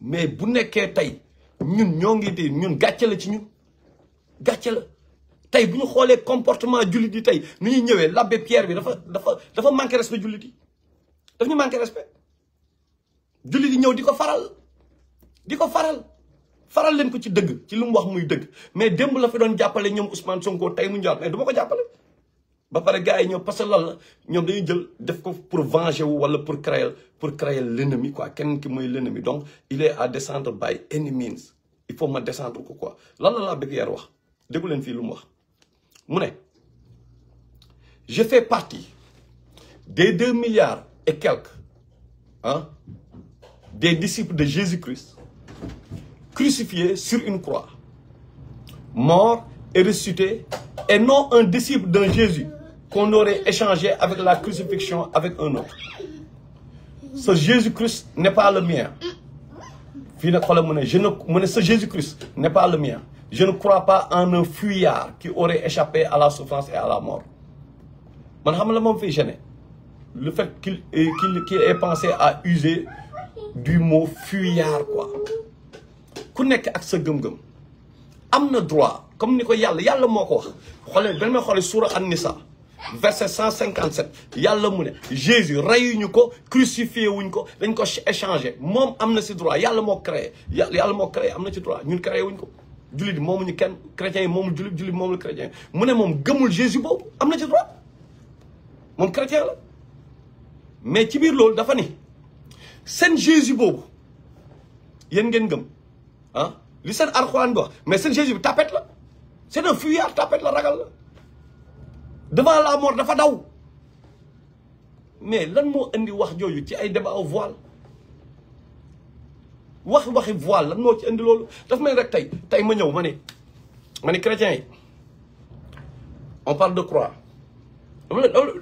mais bu nekkee tey ñun ñoo ngi de ñun gàcce la ci ñun gàcce la tey bu ñu xoolee comportement jullit yi tey nu ñuy ñëwee l'abbé Pierre bi dafa dafa dafa manqué respect jullit yi daf ñu manqué respect jullit yi ñëw di ko faral di ko faral faral leen ko ci dëgg ci lu mu wax muy dëgg mais démb la fi doon jàppale ñoom Ousmane Sonko tey mu ñu mais du ko jàppale ba pare gars parce que lan ñom dañuy jël def ko pour venger ou wala pour créer pour créer l'ennemi quoi kenn ki moy l'ennemi donc il est à descendre by any means il faut ma descendre ko quoi lan la la, bëgg yar wax déggu len fi lu wax mu je fais partie des 2 milliards et quelques hein, des disciples de Jésus-Christ crucifiés sur une croix morts et ressuscités et non un disciple d'un Jésus qu'on aurait échangé avec la crucifixion avec un autre. Ce Jésus-Christ n'est pas le mien. Je ne, ce Jésus-Christ n'est pas le mien. Je ne crois pas en un fuyard qui aurait échappé à la souffrance et à la mort. Je Le fait qu'il ait, pensé à user du mot fuyard, quoi. a nekk ak sa gëm-gëm droit comme ni ko le yàlla quoi. wax xoolee benn may le an verset 157 yalla mu Jésus rayuñu ko crucifié wuñ ko dañ ko changé. mom amna ci droit yalla mo créé yalla mo créé amna ci droit ñun créé wuñ ko jullit ñu kenn chrétien yi julit julit jullit moomul chrétien mu mom gëmul Jésus boobu amna ci droit mom chrétien la mais ci bir loolu dafa ni sen Jésus boobu yeen ngeen gëm ah li sen Alxuraan wax mais sen Jésus bi tapette la c'est un fuyard tapette la ragal la devant la mort dafa daw mais lan moo indi wax jooju ci ay débat au voile wax waxi voile lan moo ci indi loolu daf ma rek tey tey ma ñëw ma ne ma ne chrétiens yi on parle de croix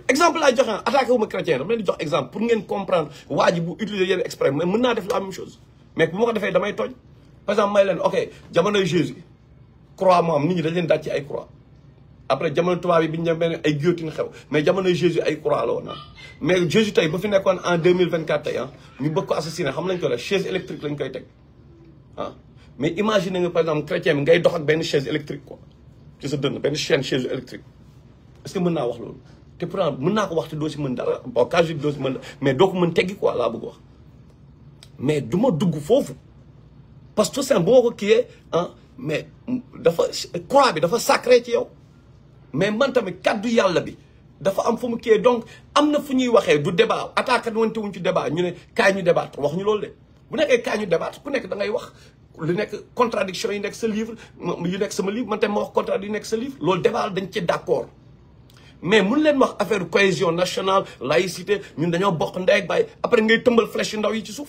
exemple laay joxe attaqué wu ma chrétien dama leen di jox exemple pour ngeen comprendre waa ji bu utiliser yenn exprès mais mën naa def la même chose mais bu ma ko defee damay toj par exemple may leen ok jamonoy Jésus croix moo am nit ñi dañ leen daaj ci ay croix après jamono tubaab bi ñu ben ay guillotine xew mais jamono Jésus ay croix la woon ah. mais Jésus tay ba fi nekkoon en 2024 tay ah ñu bëkk ko xam nañ ko la chaise électrique lañ koy teg ah mais imagine nga par exemple chrétien ngay dox ak ben chaise électrique quoi ci sa dënn ben chaîne chaise électrique est-ce que mën naa wax loolu te pourtant mën naa ko wax te doo si mën dara bon cas doo si mën mais doo ko mën teggi quoi laa bëgg wax mais du ma dugg foofu parce que tout ça boo ko kiiyee ah mais dafa croix bi dafa sacré ci yow mais man tamit kaddu yalla bi dafa am fumu ké donc amna fuñuy waxé du débat attaque wante wuñ ci débat ñu né kay ñu débat wax ñu loolu de bu nekkee kay ñu débat ku nék da ngay wax lu nék contradiction yi nék ce livre yu nék sama livre man tamit ma wax contradiction yu nék ce livre lool débat dañ ci d'accord mais mun leen wax affaire cohésion nationale laïcité ñun dañoo bokk ndey ak bay après ngay tëmbal flèche ndaw yi ci souf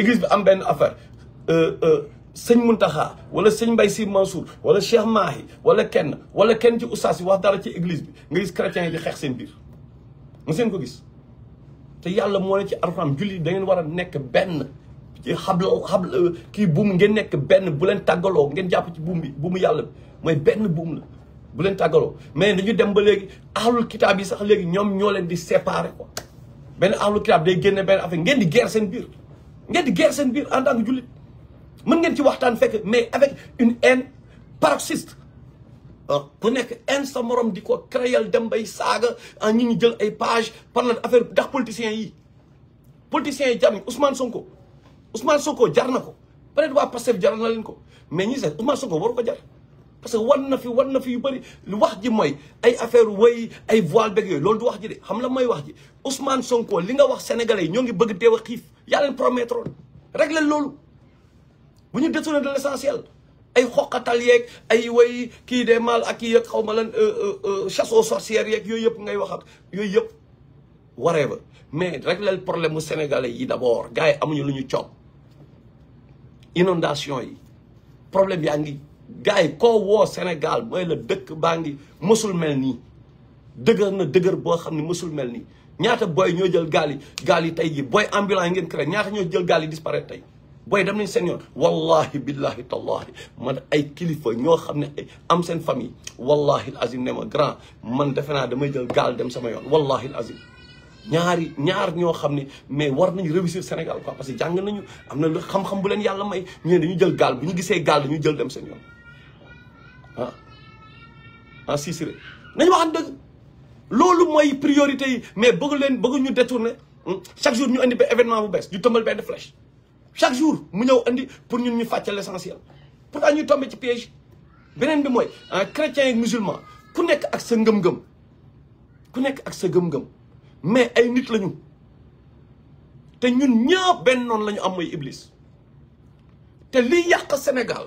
église bi am benn affaire euh, euh, sëñ Muntaxa wala sëñ Mbay Si Mansour wala Cheikh Mahi wala kenn wala kenn ci ustaas yi wax dara ci église bi nga gis chrétiens yi di xeex seen biir nga seen ko gis te yàlla moo ne ci alxuraan julli da ngeen war a nekk benn ci xabla xabla kii buum ngeen nekk benn bu leen tàggaloo ngeen jàpp ci buum bi buumu yàlla bi mooy benn buum la bu leen tàggaloo mais dañu dem ba léegi ahlul kitaab yi sax léegi ñoom ñoo leen di séparer ko benn ahlul kitaab day génne benn affaire ngeen di guerre seen biir ngeen di guerre seen biir en tant que jullit mën ngeen ci waxtaan fekk mais avec une haine paroxyste ku nekk haine sa morom di ko créel dem bay saaga ah, ñi ñu jël ay page parlant affaire ndax politiciens yi politiciens yi jar nañ Ousmane Sonko Ousmane Sonko jar na ko peut-être waa Pastef jar na leen ko mais ñi seet Ousmane Sonko waru ko jar parce que wan na fi wan na fi yu bëri wax ji moy ay affaire way ay voile beeg yooyu loolu du wax ji de xam la mooy wax ji Ousmane Sonko li nga wax sénégalais yi ñoo ngi bëgg deew a xiif yaa leen promettre régler loolu bu ñu détourné de ay xoqatal ay way kii des mal ak kii yeeg xaw ma lan euh, euh, euh, chasse aux sorcières yeeg yooyu yëpp ngay wax yooyu yëpp waree ba mais régler problème mu sénégalais yi d' abord gars yi amuñu lu ñu coob inondation yi problème yaa ngi gars yi koo woo senegal booy la dëkk baa ngi mësul mel nii dëgër na dëgër boo xam ne mësul mel nii ñaata booy ñoo jël gaal gaal yi tey jii booy ambulant yi ngeen créé ñaata ñoo jël gaal yi disparaître tey booy dem nañ seen yoon wallahi billahi tallahi man ay kilifa ñoo xam ne am seen famille wallahi azim ne ma grand man defe naa damay jël gaal dem sama yoon wallahi azim ñaari ñaar ñoo xam ne mais war nañu réussir Sénégal quoi parce que jàng nañu am na lu xam-xam bu leen yàlla may ñu jël gaal bu ñu gisee gaal dañu jël dem seen yoon En ah. Sicile. Ah, si si priorité mais si détourner hmm. chaque jour nous avons ba événement bu ñu flèche chaque jour nous ñëw pour faire ñu l'essentiel pourtant nous tombé piège Un ah, chrétien un chrétien musulman ku mais ay nit lañu te ñun iblis Sénégal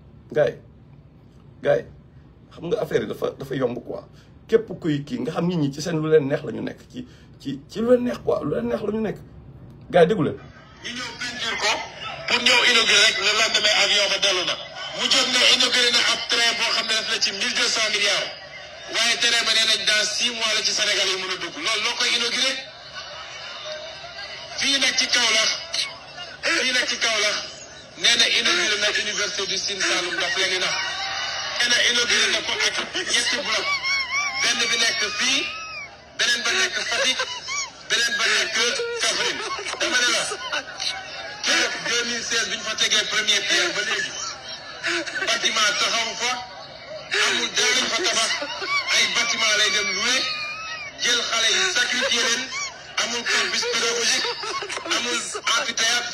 gars yi xam nga affaire yi dafa dafa yomb quoi képp kuy kii nga xam nit ñi ci seen lu leen neex la ñu nekk ci ci ci lu leen neex quoi lu leen neex la nekk gars yi déggu leen. ñu ñëw ko pour ñëw inauguré rek le lendemain avion ba dellu na mu jot ne inauguré ab train boo xam ne def na ci mille deux cent waaye train ba nee nañ dans six mois la ci Sénégal yi mën a dugg loolu loo koy inauguré fii nag ci Kaolack fii nag ci Kaolack. nee na inauguré na université du Sine Saloum ndax yaa ngi nax nee na inauguré na ko ak fii beneen ba nekk Fatick beneen ba nekk Kaffrine dama ne la keroog 2016 bi ñu fa tegee première pierre ba léegi bâtiment taxaw fa amul dara fa tabax ay bâtiment lay dem loué jël xale yi sacrifié leen amul campus pédagogique amul amphithéâtre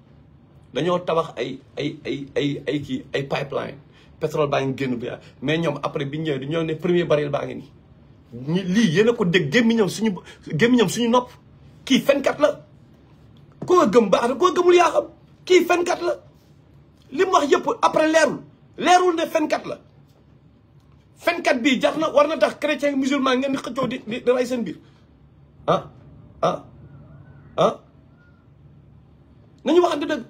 dañoo tabax ay ay ay ay ay kii ay pipeline pétrole baa ngi génn bi mais ñoom après bi ñëwee dañoo ne premier baril baa ngi nii lii yéen ko dégg gémmiñam suñu gémmiñam suñu nopp kii fenkat la koo gëm baax na koo gëmul yaa xam kii fenkat la li wax yëpp après leerul leerul ne fenkat la fenkat bii jax na war na tax chrétien musulman ngeen di xëccoo di di di rey seen biir ah ah ah nañu waxante dëgg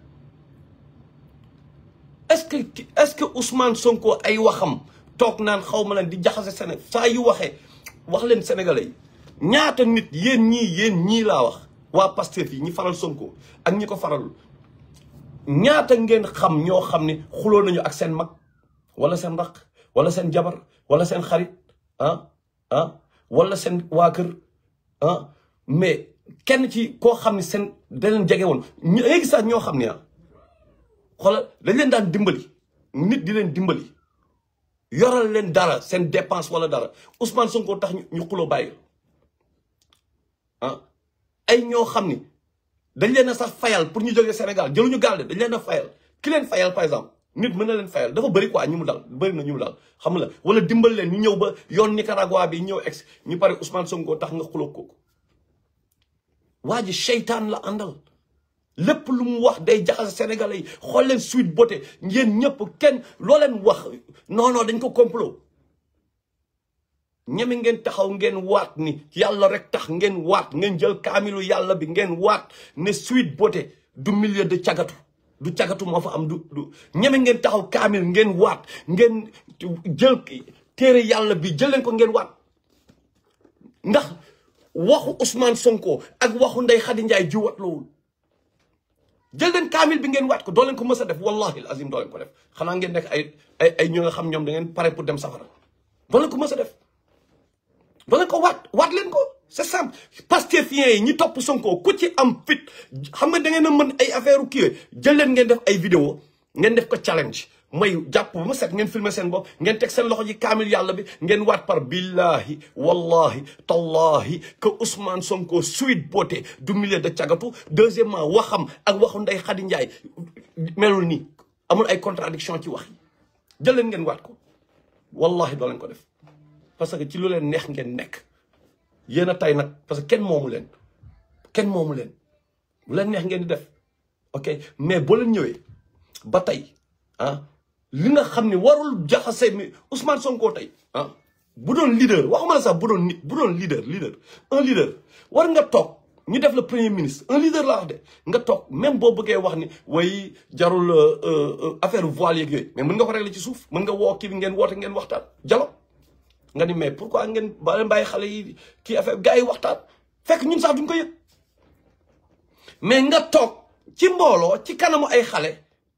est-ce que est-ce que Ousmane Sonko ay waxam toog naan xaw ma leen di jaxase Sénégal saa yu waxee wax leen sénégalais ñaata nit yéen ñii yéen ñii la wax waa Pastef fii ñi faral Sonko ak ñi ko faral ñaata ngeen xam ñoo xam ni xuloo nañu ak seen mag wala seen raq wala seen jabar wala seen xarit ah ah wala seen waa kër ah mais kenn ci koo xam ne seen daleen leen jege woon léegi sax ñoo xam ne ah, xoolal dañ leen daan dimbali nit di leen dimbali yoral leen dara seen dépense wala dara Ousmane Sonko tax ñu xulo bàyyi ah ay ñoo xam ni dañ leen a sax fayal pour ñu jógee Sénégal jëluñu gaal de dañ leen a fayal ki leen fayal par exemple nit mën na leen fayal dafa bëri quoi ñu mu dal bëri na ñu mu dal xam la wala dimbal leen ñu ñëw ba yoon Nicaragua bi ñëw ex ñu pare Ousmane Sonko tax nga xulo kooku waa ji seytaan la àndal lépp lu mu wax day jaxase sénégalais yi xool leen suite bote ñëpp kenn loo leen wax non dañ ko complot ñeme ngeen taxaw ngeen waat ni yàlla rek tax ngeen waat ngeen jël kaamilu yàlla bi ngeen waat ne suite bote du milieu de cagatu du cagatu moo fa am du du ñeme ngeen taxaw kaamil ngeen waat ngeen jël téere yàlla bi jëleen ko ngeen waat ndax waxu Ousmane Sonko ak waxu Ndeye Khady Ndiaye jiwat jël Kamil kamil bi ngeen wacc ko do len ko mës def wallahi alazim do len ko def xana ngeen nek ay ay ñu nga xam ñom da ngeen pare pour dem safara do len ko mës def do len ko waat waat len ko c'est simple Pastefien ñi Sonko ku ci am fit xam nga da ngeen na mën ay affaireu ki jël len ngeen def ay vidéo ngeen def ko challenge mooy jàpp ba mu set ngeen filmer seen bopp ngeen teg seen loxo ji kaamil yàlla bi ngeen waat par billahi wallahi tallahi que Ousmane Sonko suite beauté du milieu de cagatu deuxièmement waxam ak waxu Ndeye Khady Ndiaye melul nii amul ay contradiction ci wax yi jël leen ngeen waat ko wallahi doo leen ko def parce que ci lu neex ngeen nekk yéen a tey nag parce que kenn moomu leen kenn moomu leen lu leen neex ngeen di def ok mais boo ñëwee ba tey ah, li nga xam ne warul jaxase mi Ousmane Sonko tey ah, bu doon leader waxuma la sax bu doon bu doon leader leader un leader war nga toog ñu def la premier ministre un leader la wax de nga toog même boo bëggee wax ni way jarul euh, euh, affaire voile yeeg yooyu mais mën nga ko régler ci suuf mën nga woo kii bi ngeen woote ngeen waxtaan jalo nga ni mais pourquoi ngeen ba leen xale yi kii affaire gars yi waxtaan fekk ñun sax duñ ko yëg mais nga toog ci mbooloo ci kanamu ay xale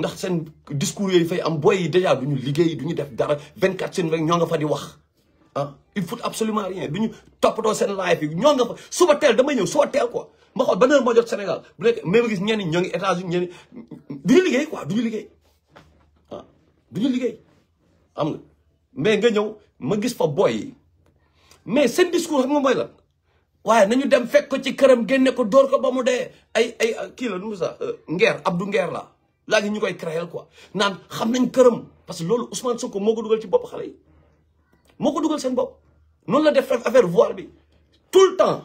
ndax seen discours yooyu fay am booy yi déjà du ñu liggéey du ñu def dara 24 seen rek ñoo nga fa di wax ah il faut absolument rien du ñu toppatoo seen life yi ñoo nga fa suba teel damay ñëw suba teel ko ma xool ban heure moo jot Sénégal bu nekk même ñoo ngi États-Unis ñenn liggéey quoi ñu liggéey ah, liggéey am nga mais nga ñëw ma gis fa booy yi mais seen discours xam nga mooy lan waaye nañu dem fekk ko ci këram génne ko dóor ko ba mu dee ay ay kii la nu mu sax euh, Nguer Abdou Nguer la laa ngi ñu koy créer quoi naan xam nañ këram parce que loolu Ousmane Sonko moo ko dugal ci bopp xale yi moo ko dugal seen bopp noonu la def affaire voir bi tout le temps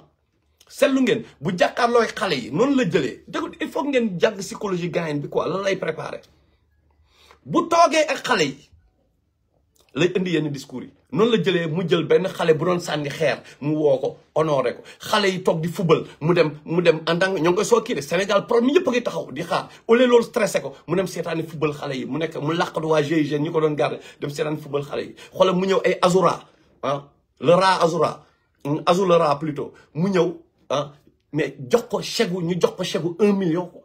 seetlu ngeen bu looy xale yi noonu la jëlee dégg il faut ngeen jàng psychologie gaayen bi ko lan lay préparer bu toogee ak xale yi lay indi yenn discours yi noonu la jëlee mu jël benn xale bu doon sànni xeer mu woo ko honoré ko xale yi toog di fubal mu dem mu dem en tant que ñoo ngi koy soo kii de Sénégal problème yëpp a ngi taxaw di xaar au lieu loolu stressé ko mu dem seetaani fubal xale yi mu nekk mu làqatu waa GIGN ñi ko doon garde dem seetaani fubal xale yi xoolal mu ñëw ay Azura ah le rat Azura mm, Azur le rat plutôt mu ñëw ah mais jox ko chèque ñu jox ko chèque un million quoi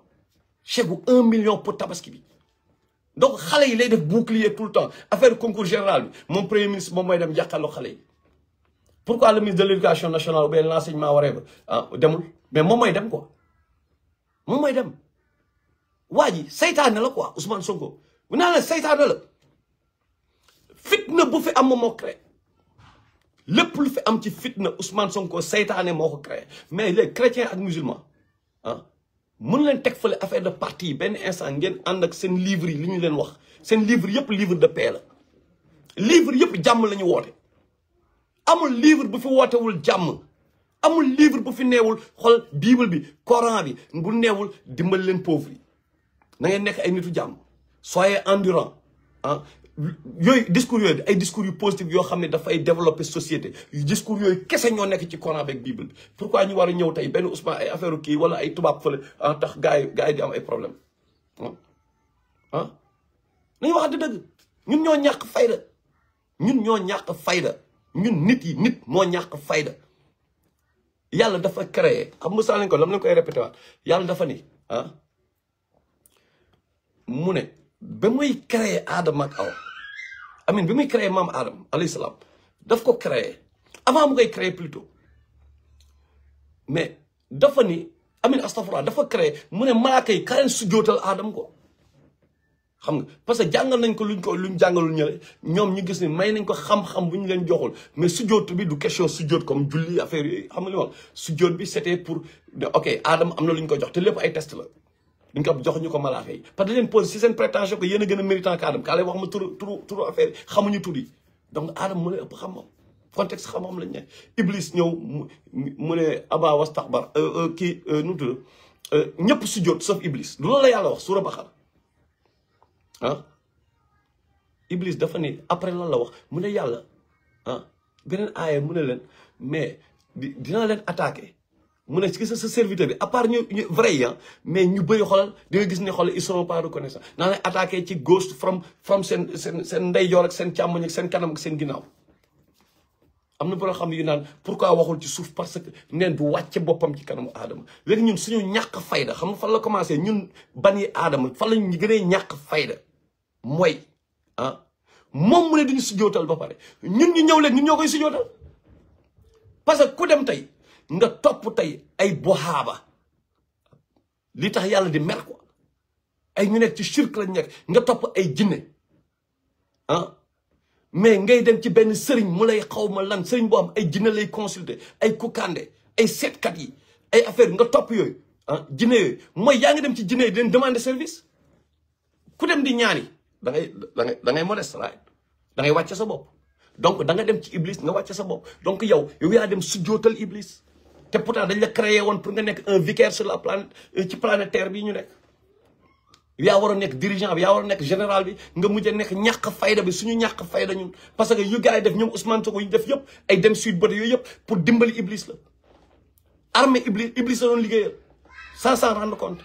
chèque un million pour tabaski bi donc xale est lay def bouclier tout le temps affaire concours général mon premier ministre mon mooy dem jàkkaarloo xale pourquoi le ministre de l'Éducation nationale ou bien l'enseignement enseignement ah, mais mon mooy dem quoi Mon mooy dem c'est ji saytaane la quoi Ousmane Sonko mu naa la saytaane la fitna bu fi am moom moo créé lépp lu fi am ci fitna Ousmane Sonko saytaane moo ko créé mais les chrétiens ak musulmans mën leen teg fële affaire de parti yi benn instant ngeen ànd ak seen livre yi leen wax seen livre yëpp livre de paix la livre yëpp jàmm la ñu woote amul livre bu fi wootewul jàmm amul livre bu fi neewul xool bible bi coran bi bu neewul dimbal leen pauvre yi na ngeen nekk ay nitu jàmm soyez endurant ah. yooyu discours yooyu ay discours yu yoo xam ne dafay développer société discours yooyu kese ñoo nekk ci Coran beeg Bible bi pourquoi ñu war a ñëw tey benn Ousmane ay affaire kii wala ay tubaab fële en ah, tax gars yi gars yi am ay problème ah, ah. nañu wax dëgg ñun ñoo ñàkk fayda ñun ñoo ñàkk fayda ñun nit yi nit moo ñàkk fayda yàlla dafa créé xam nga lañ ko lam lañ koy répété waat yàlla dafa ni ah, mu ne ba muy créé Aadama ak Awa amin bi muy créer maam Adam alayhi salaam daf ko créer avant mu créer plutôt mais dafa ni amin astafurlah dafa créer mu ne malaaka yi kareen su jootal Adam ko xam nga parce que jàngal nañ ko luñ ko luñ jàngalul ñële ñoom ñu gis ni may nañ ko xam-xam bu ñu leen joxul mais sujjóot bi du question sujjóot comme julli affaire yooyu xam nga li bi c'était pour ok Adam am na lu ñu ko jox te lépp ay test la. duñ ko jox ñu ko malaaka yi parce que leen pose si seen prétention que yéen a gën a méritant kaadam kaa lay wax ma turu turu turu affaire yi xamuñu tur yi donc aadama mu ne ëpp xam-xam contexte xam-xam lañ ne iblis ñëw mu ne aba wastakbar euh, euh, kii euh, nu tudd ñëpp sujjóot sauf iblis loolu la yàlla wax suura baxar ah iblis dafa ne après lan la wax mu ne yàlla ah beneen aaya mu ne leen mais dinaa leen attaque mu ne ci sa serviteur bi à part ñu ñu vrai yi ah, mais ñu bëri xoolal di nga gis ni xoolal ils sont pas reconnaissants naa a attaqué ci ghost from from seen seen seen ndeyjoor ak seen càmmoñ ak seen kanam ak seen ginnaaw. am na boo xam ne yu pour pourquoi waxul ci suuf parce que neen du wàcce boppam ci kanamu aadama léegi ñun suñu ñàkk fayda xam nga fan la commencer ñun ban yi aadama fan la ñu gën a ñàkk fayda mooy ah moom mu ne dañu sujjootal ba pare ñun ñu ñëw leen ñun ñoo koy sujjootal parce que ku dem tey. nga topp tey ay boxaaba li tax yàlla di mer ko ay ñu nekk ci shirk lañ nekk nga topp ay jinne ah mais ngay dem ci benn sëriñ mu lay xaw ma lan sëriñ boo am ay jinne lay consulter ay kukande ay seetkat yi ay affaire nga topp yooyu ah jinne mooy yaa ngi dem ci jinne yi di leen service ku dem di ñaani da ngay da ngay da ngay modeste right da sa bopp donc da nga dem ci iblis nga wàcce sa bopp donc yow yow yaa dem sujjootal iblis te pourtant dañ la créé woon pour nga nekk un vicaire sur la planète euh, ci planète terre ñu nekk yaa war a nekk dirigeant bi yaa war a nekk général bi nga mujjee nekk ñàkk fayda bi suñu ñàkk fayda ñun parce que yu gars yi def ñoom Ousmane Sonko yu def yëpp ay dem suite bët yooyu yëpp pour dimbali Iblis la armée Iblis Iblis la doon liggéeyal sans s'en rendre compte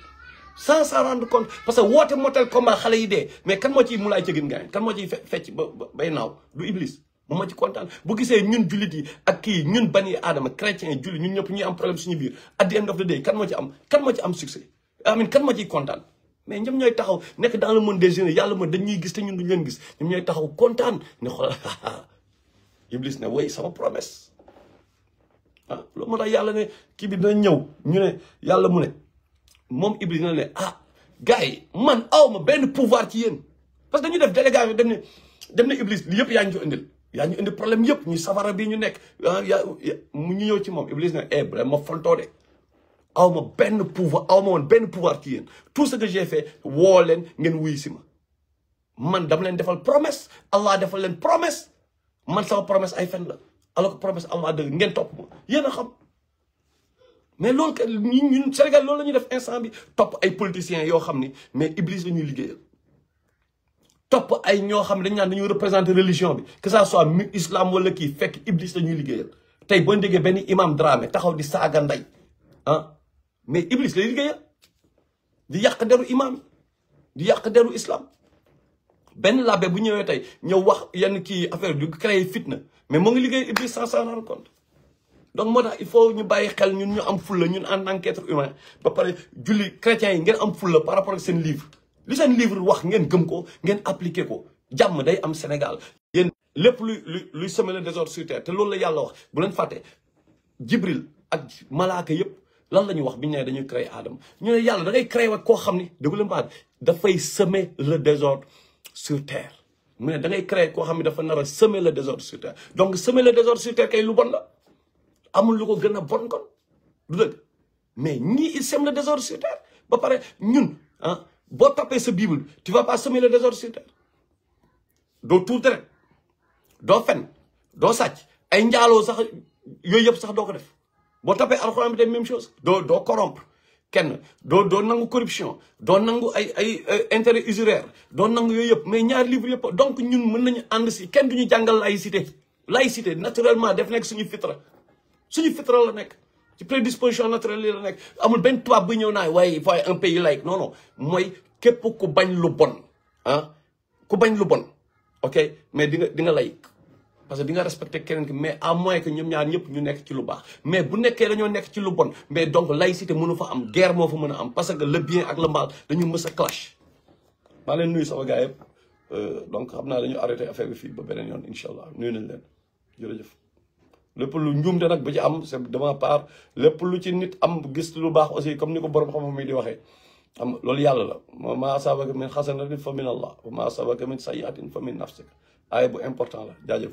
sans s'en rendre compte parce que woote motel combat xale yi dee mais kan moo ciy mulaay cëgin gaañ kan moo ciy fecc ba bay naaw du Iblis mu ma ci kontaan bu gisee ñun jullit yi ak kii ñun bani aadama chrétien yi jullit ñun ñëpp ñuy am problème suñu biir at the end of the day kan moo ci am kan moo ci am succès amin kan moo ciy kontaan mais ñoom ñooy taxaw nekk dans le monde des jeunes yàlla mooy dañuy gis te ñun duñ leen gis ñoom ñooy taxaw kontaan ne xoolal [laughs] iblis ne way sama promesse ah loolu moo tax yàlla ne kii bi dina ñëw ñu ne yàlla mu ne moom iblis dina ne ah gars yi man aw ma benn pouvoir ci yéen parce que dañuy def délégation dem ne dem ne iblis li yëpp yaa ngi ko indil yaa ñu indi problème yëpp ñu safara bii ñu nekk ah, ya mu ñu ñëw ci moom Iblis ne eh bu ma fontoo de aw ma benn pouvoir aw ma benn pouvoir ci tout sa que j'ai fait woo leen ngeen wuyu si ma man dama leen defal promesse Allah defal leen promesse man sama promesse ay fen la alors que promesse am maa dëgg ngeen topp ma yéen a xam mais loolu kat ñun Sénégal loolu la ñuy def instant bi topp ay politiciens yoo xam ni mais Iblis la ñuy topp ay ñoo xam ne dañ naan dañoo représenter religion bi que ça soit mu islam wala kii fekk iblis la ñuy liggéeyal tey boo déggee benn imam Dramé taxaw di saaga nday ah mais iblis lay liggéeyal di yàq deru imam di yàq deru islam benn labbe bu ñëwee tey ñëw wax yenn kii affaire du créer fitna mais moo ngi liggéey iblis sans s'en rendre compte donc moo tax il faut ñu bàyyi xel ñun ñu am fulla ñun en tant qu'être humain ba pare julli chrétiens yi ngeen am fulla par rapport seen livre li seen livre wax ngeen gëm ko ngeen appliqué ko jàmm day am Sénégal yéen lépp luy luy luy semer le désordre sur terre te loolu la yàlla wax bu leen fàtte Jibril ak malaaka yëpp lan la ñu wax bi ñu ne dañuy créer Adam ñu ne yàlla da ngay créer wa koo xam ni déglu leen baat dafay semer le désordre sur terre mu ne da ngay créer koo xam ne dafa nar a la le désordre sur terre donc semer le désordre sur terre kay lu bon la amul lu ko gën a bon kon du dëgg mais ñii il sème le désordre sur terre ba pare ñun ah boo toppee sa bible tu vas pas semer le désordre sur terre doo tuur deret doo fen doo sàcc ay njaaloo sax yooyu yëpp sax doo ko def boo toppee alxuraan bi tamit même chose doo doo corrompre kenn doo doo nangu corruption doo nangu ay ay intérêt usuraire doo nangu yooy yëpp mais ñaar livre yëpp donc ñun mën nañu ànd si kenn du duñu jàngal laïcité laïcité naturellement def nekk suñu fitra suñu fitra la nekk ci prédisposition naturelle yi la nekk amul benn tubaab bu ñëw naa waaye il un pays laïque non mooy képp ku bañ lu bon ah ku bañ lu bon ok mais di nga di nga laïque parce que di nga respecté keneen ki mais à moins que ñoom ñaar ñëpp ñu nekk ci lu baax mais bu nekkee dañoo nekk ci lu bon mais donc laïcité mënu fa am guerre moo fa mën a am parce que le bien ak le mal dañu mës a clash. maa leen nuyu sama euh, donc xam naa lañu arrêté affaire bi fii ba beneen yoon incha allah nuyu nañ leen lépp lu njuumte nag bu ci am c'est de ma part lépp lu ci nit am gis lu baax aussi comme ni ko borom xam-xam yi di waxee am loolu yàlla la ma asabaka min xasanatin fa min allah wa ma asabaka min sayiatin fa min nafsika aaya bu important la jaajëf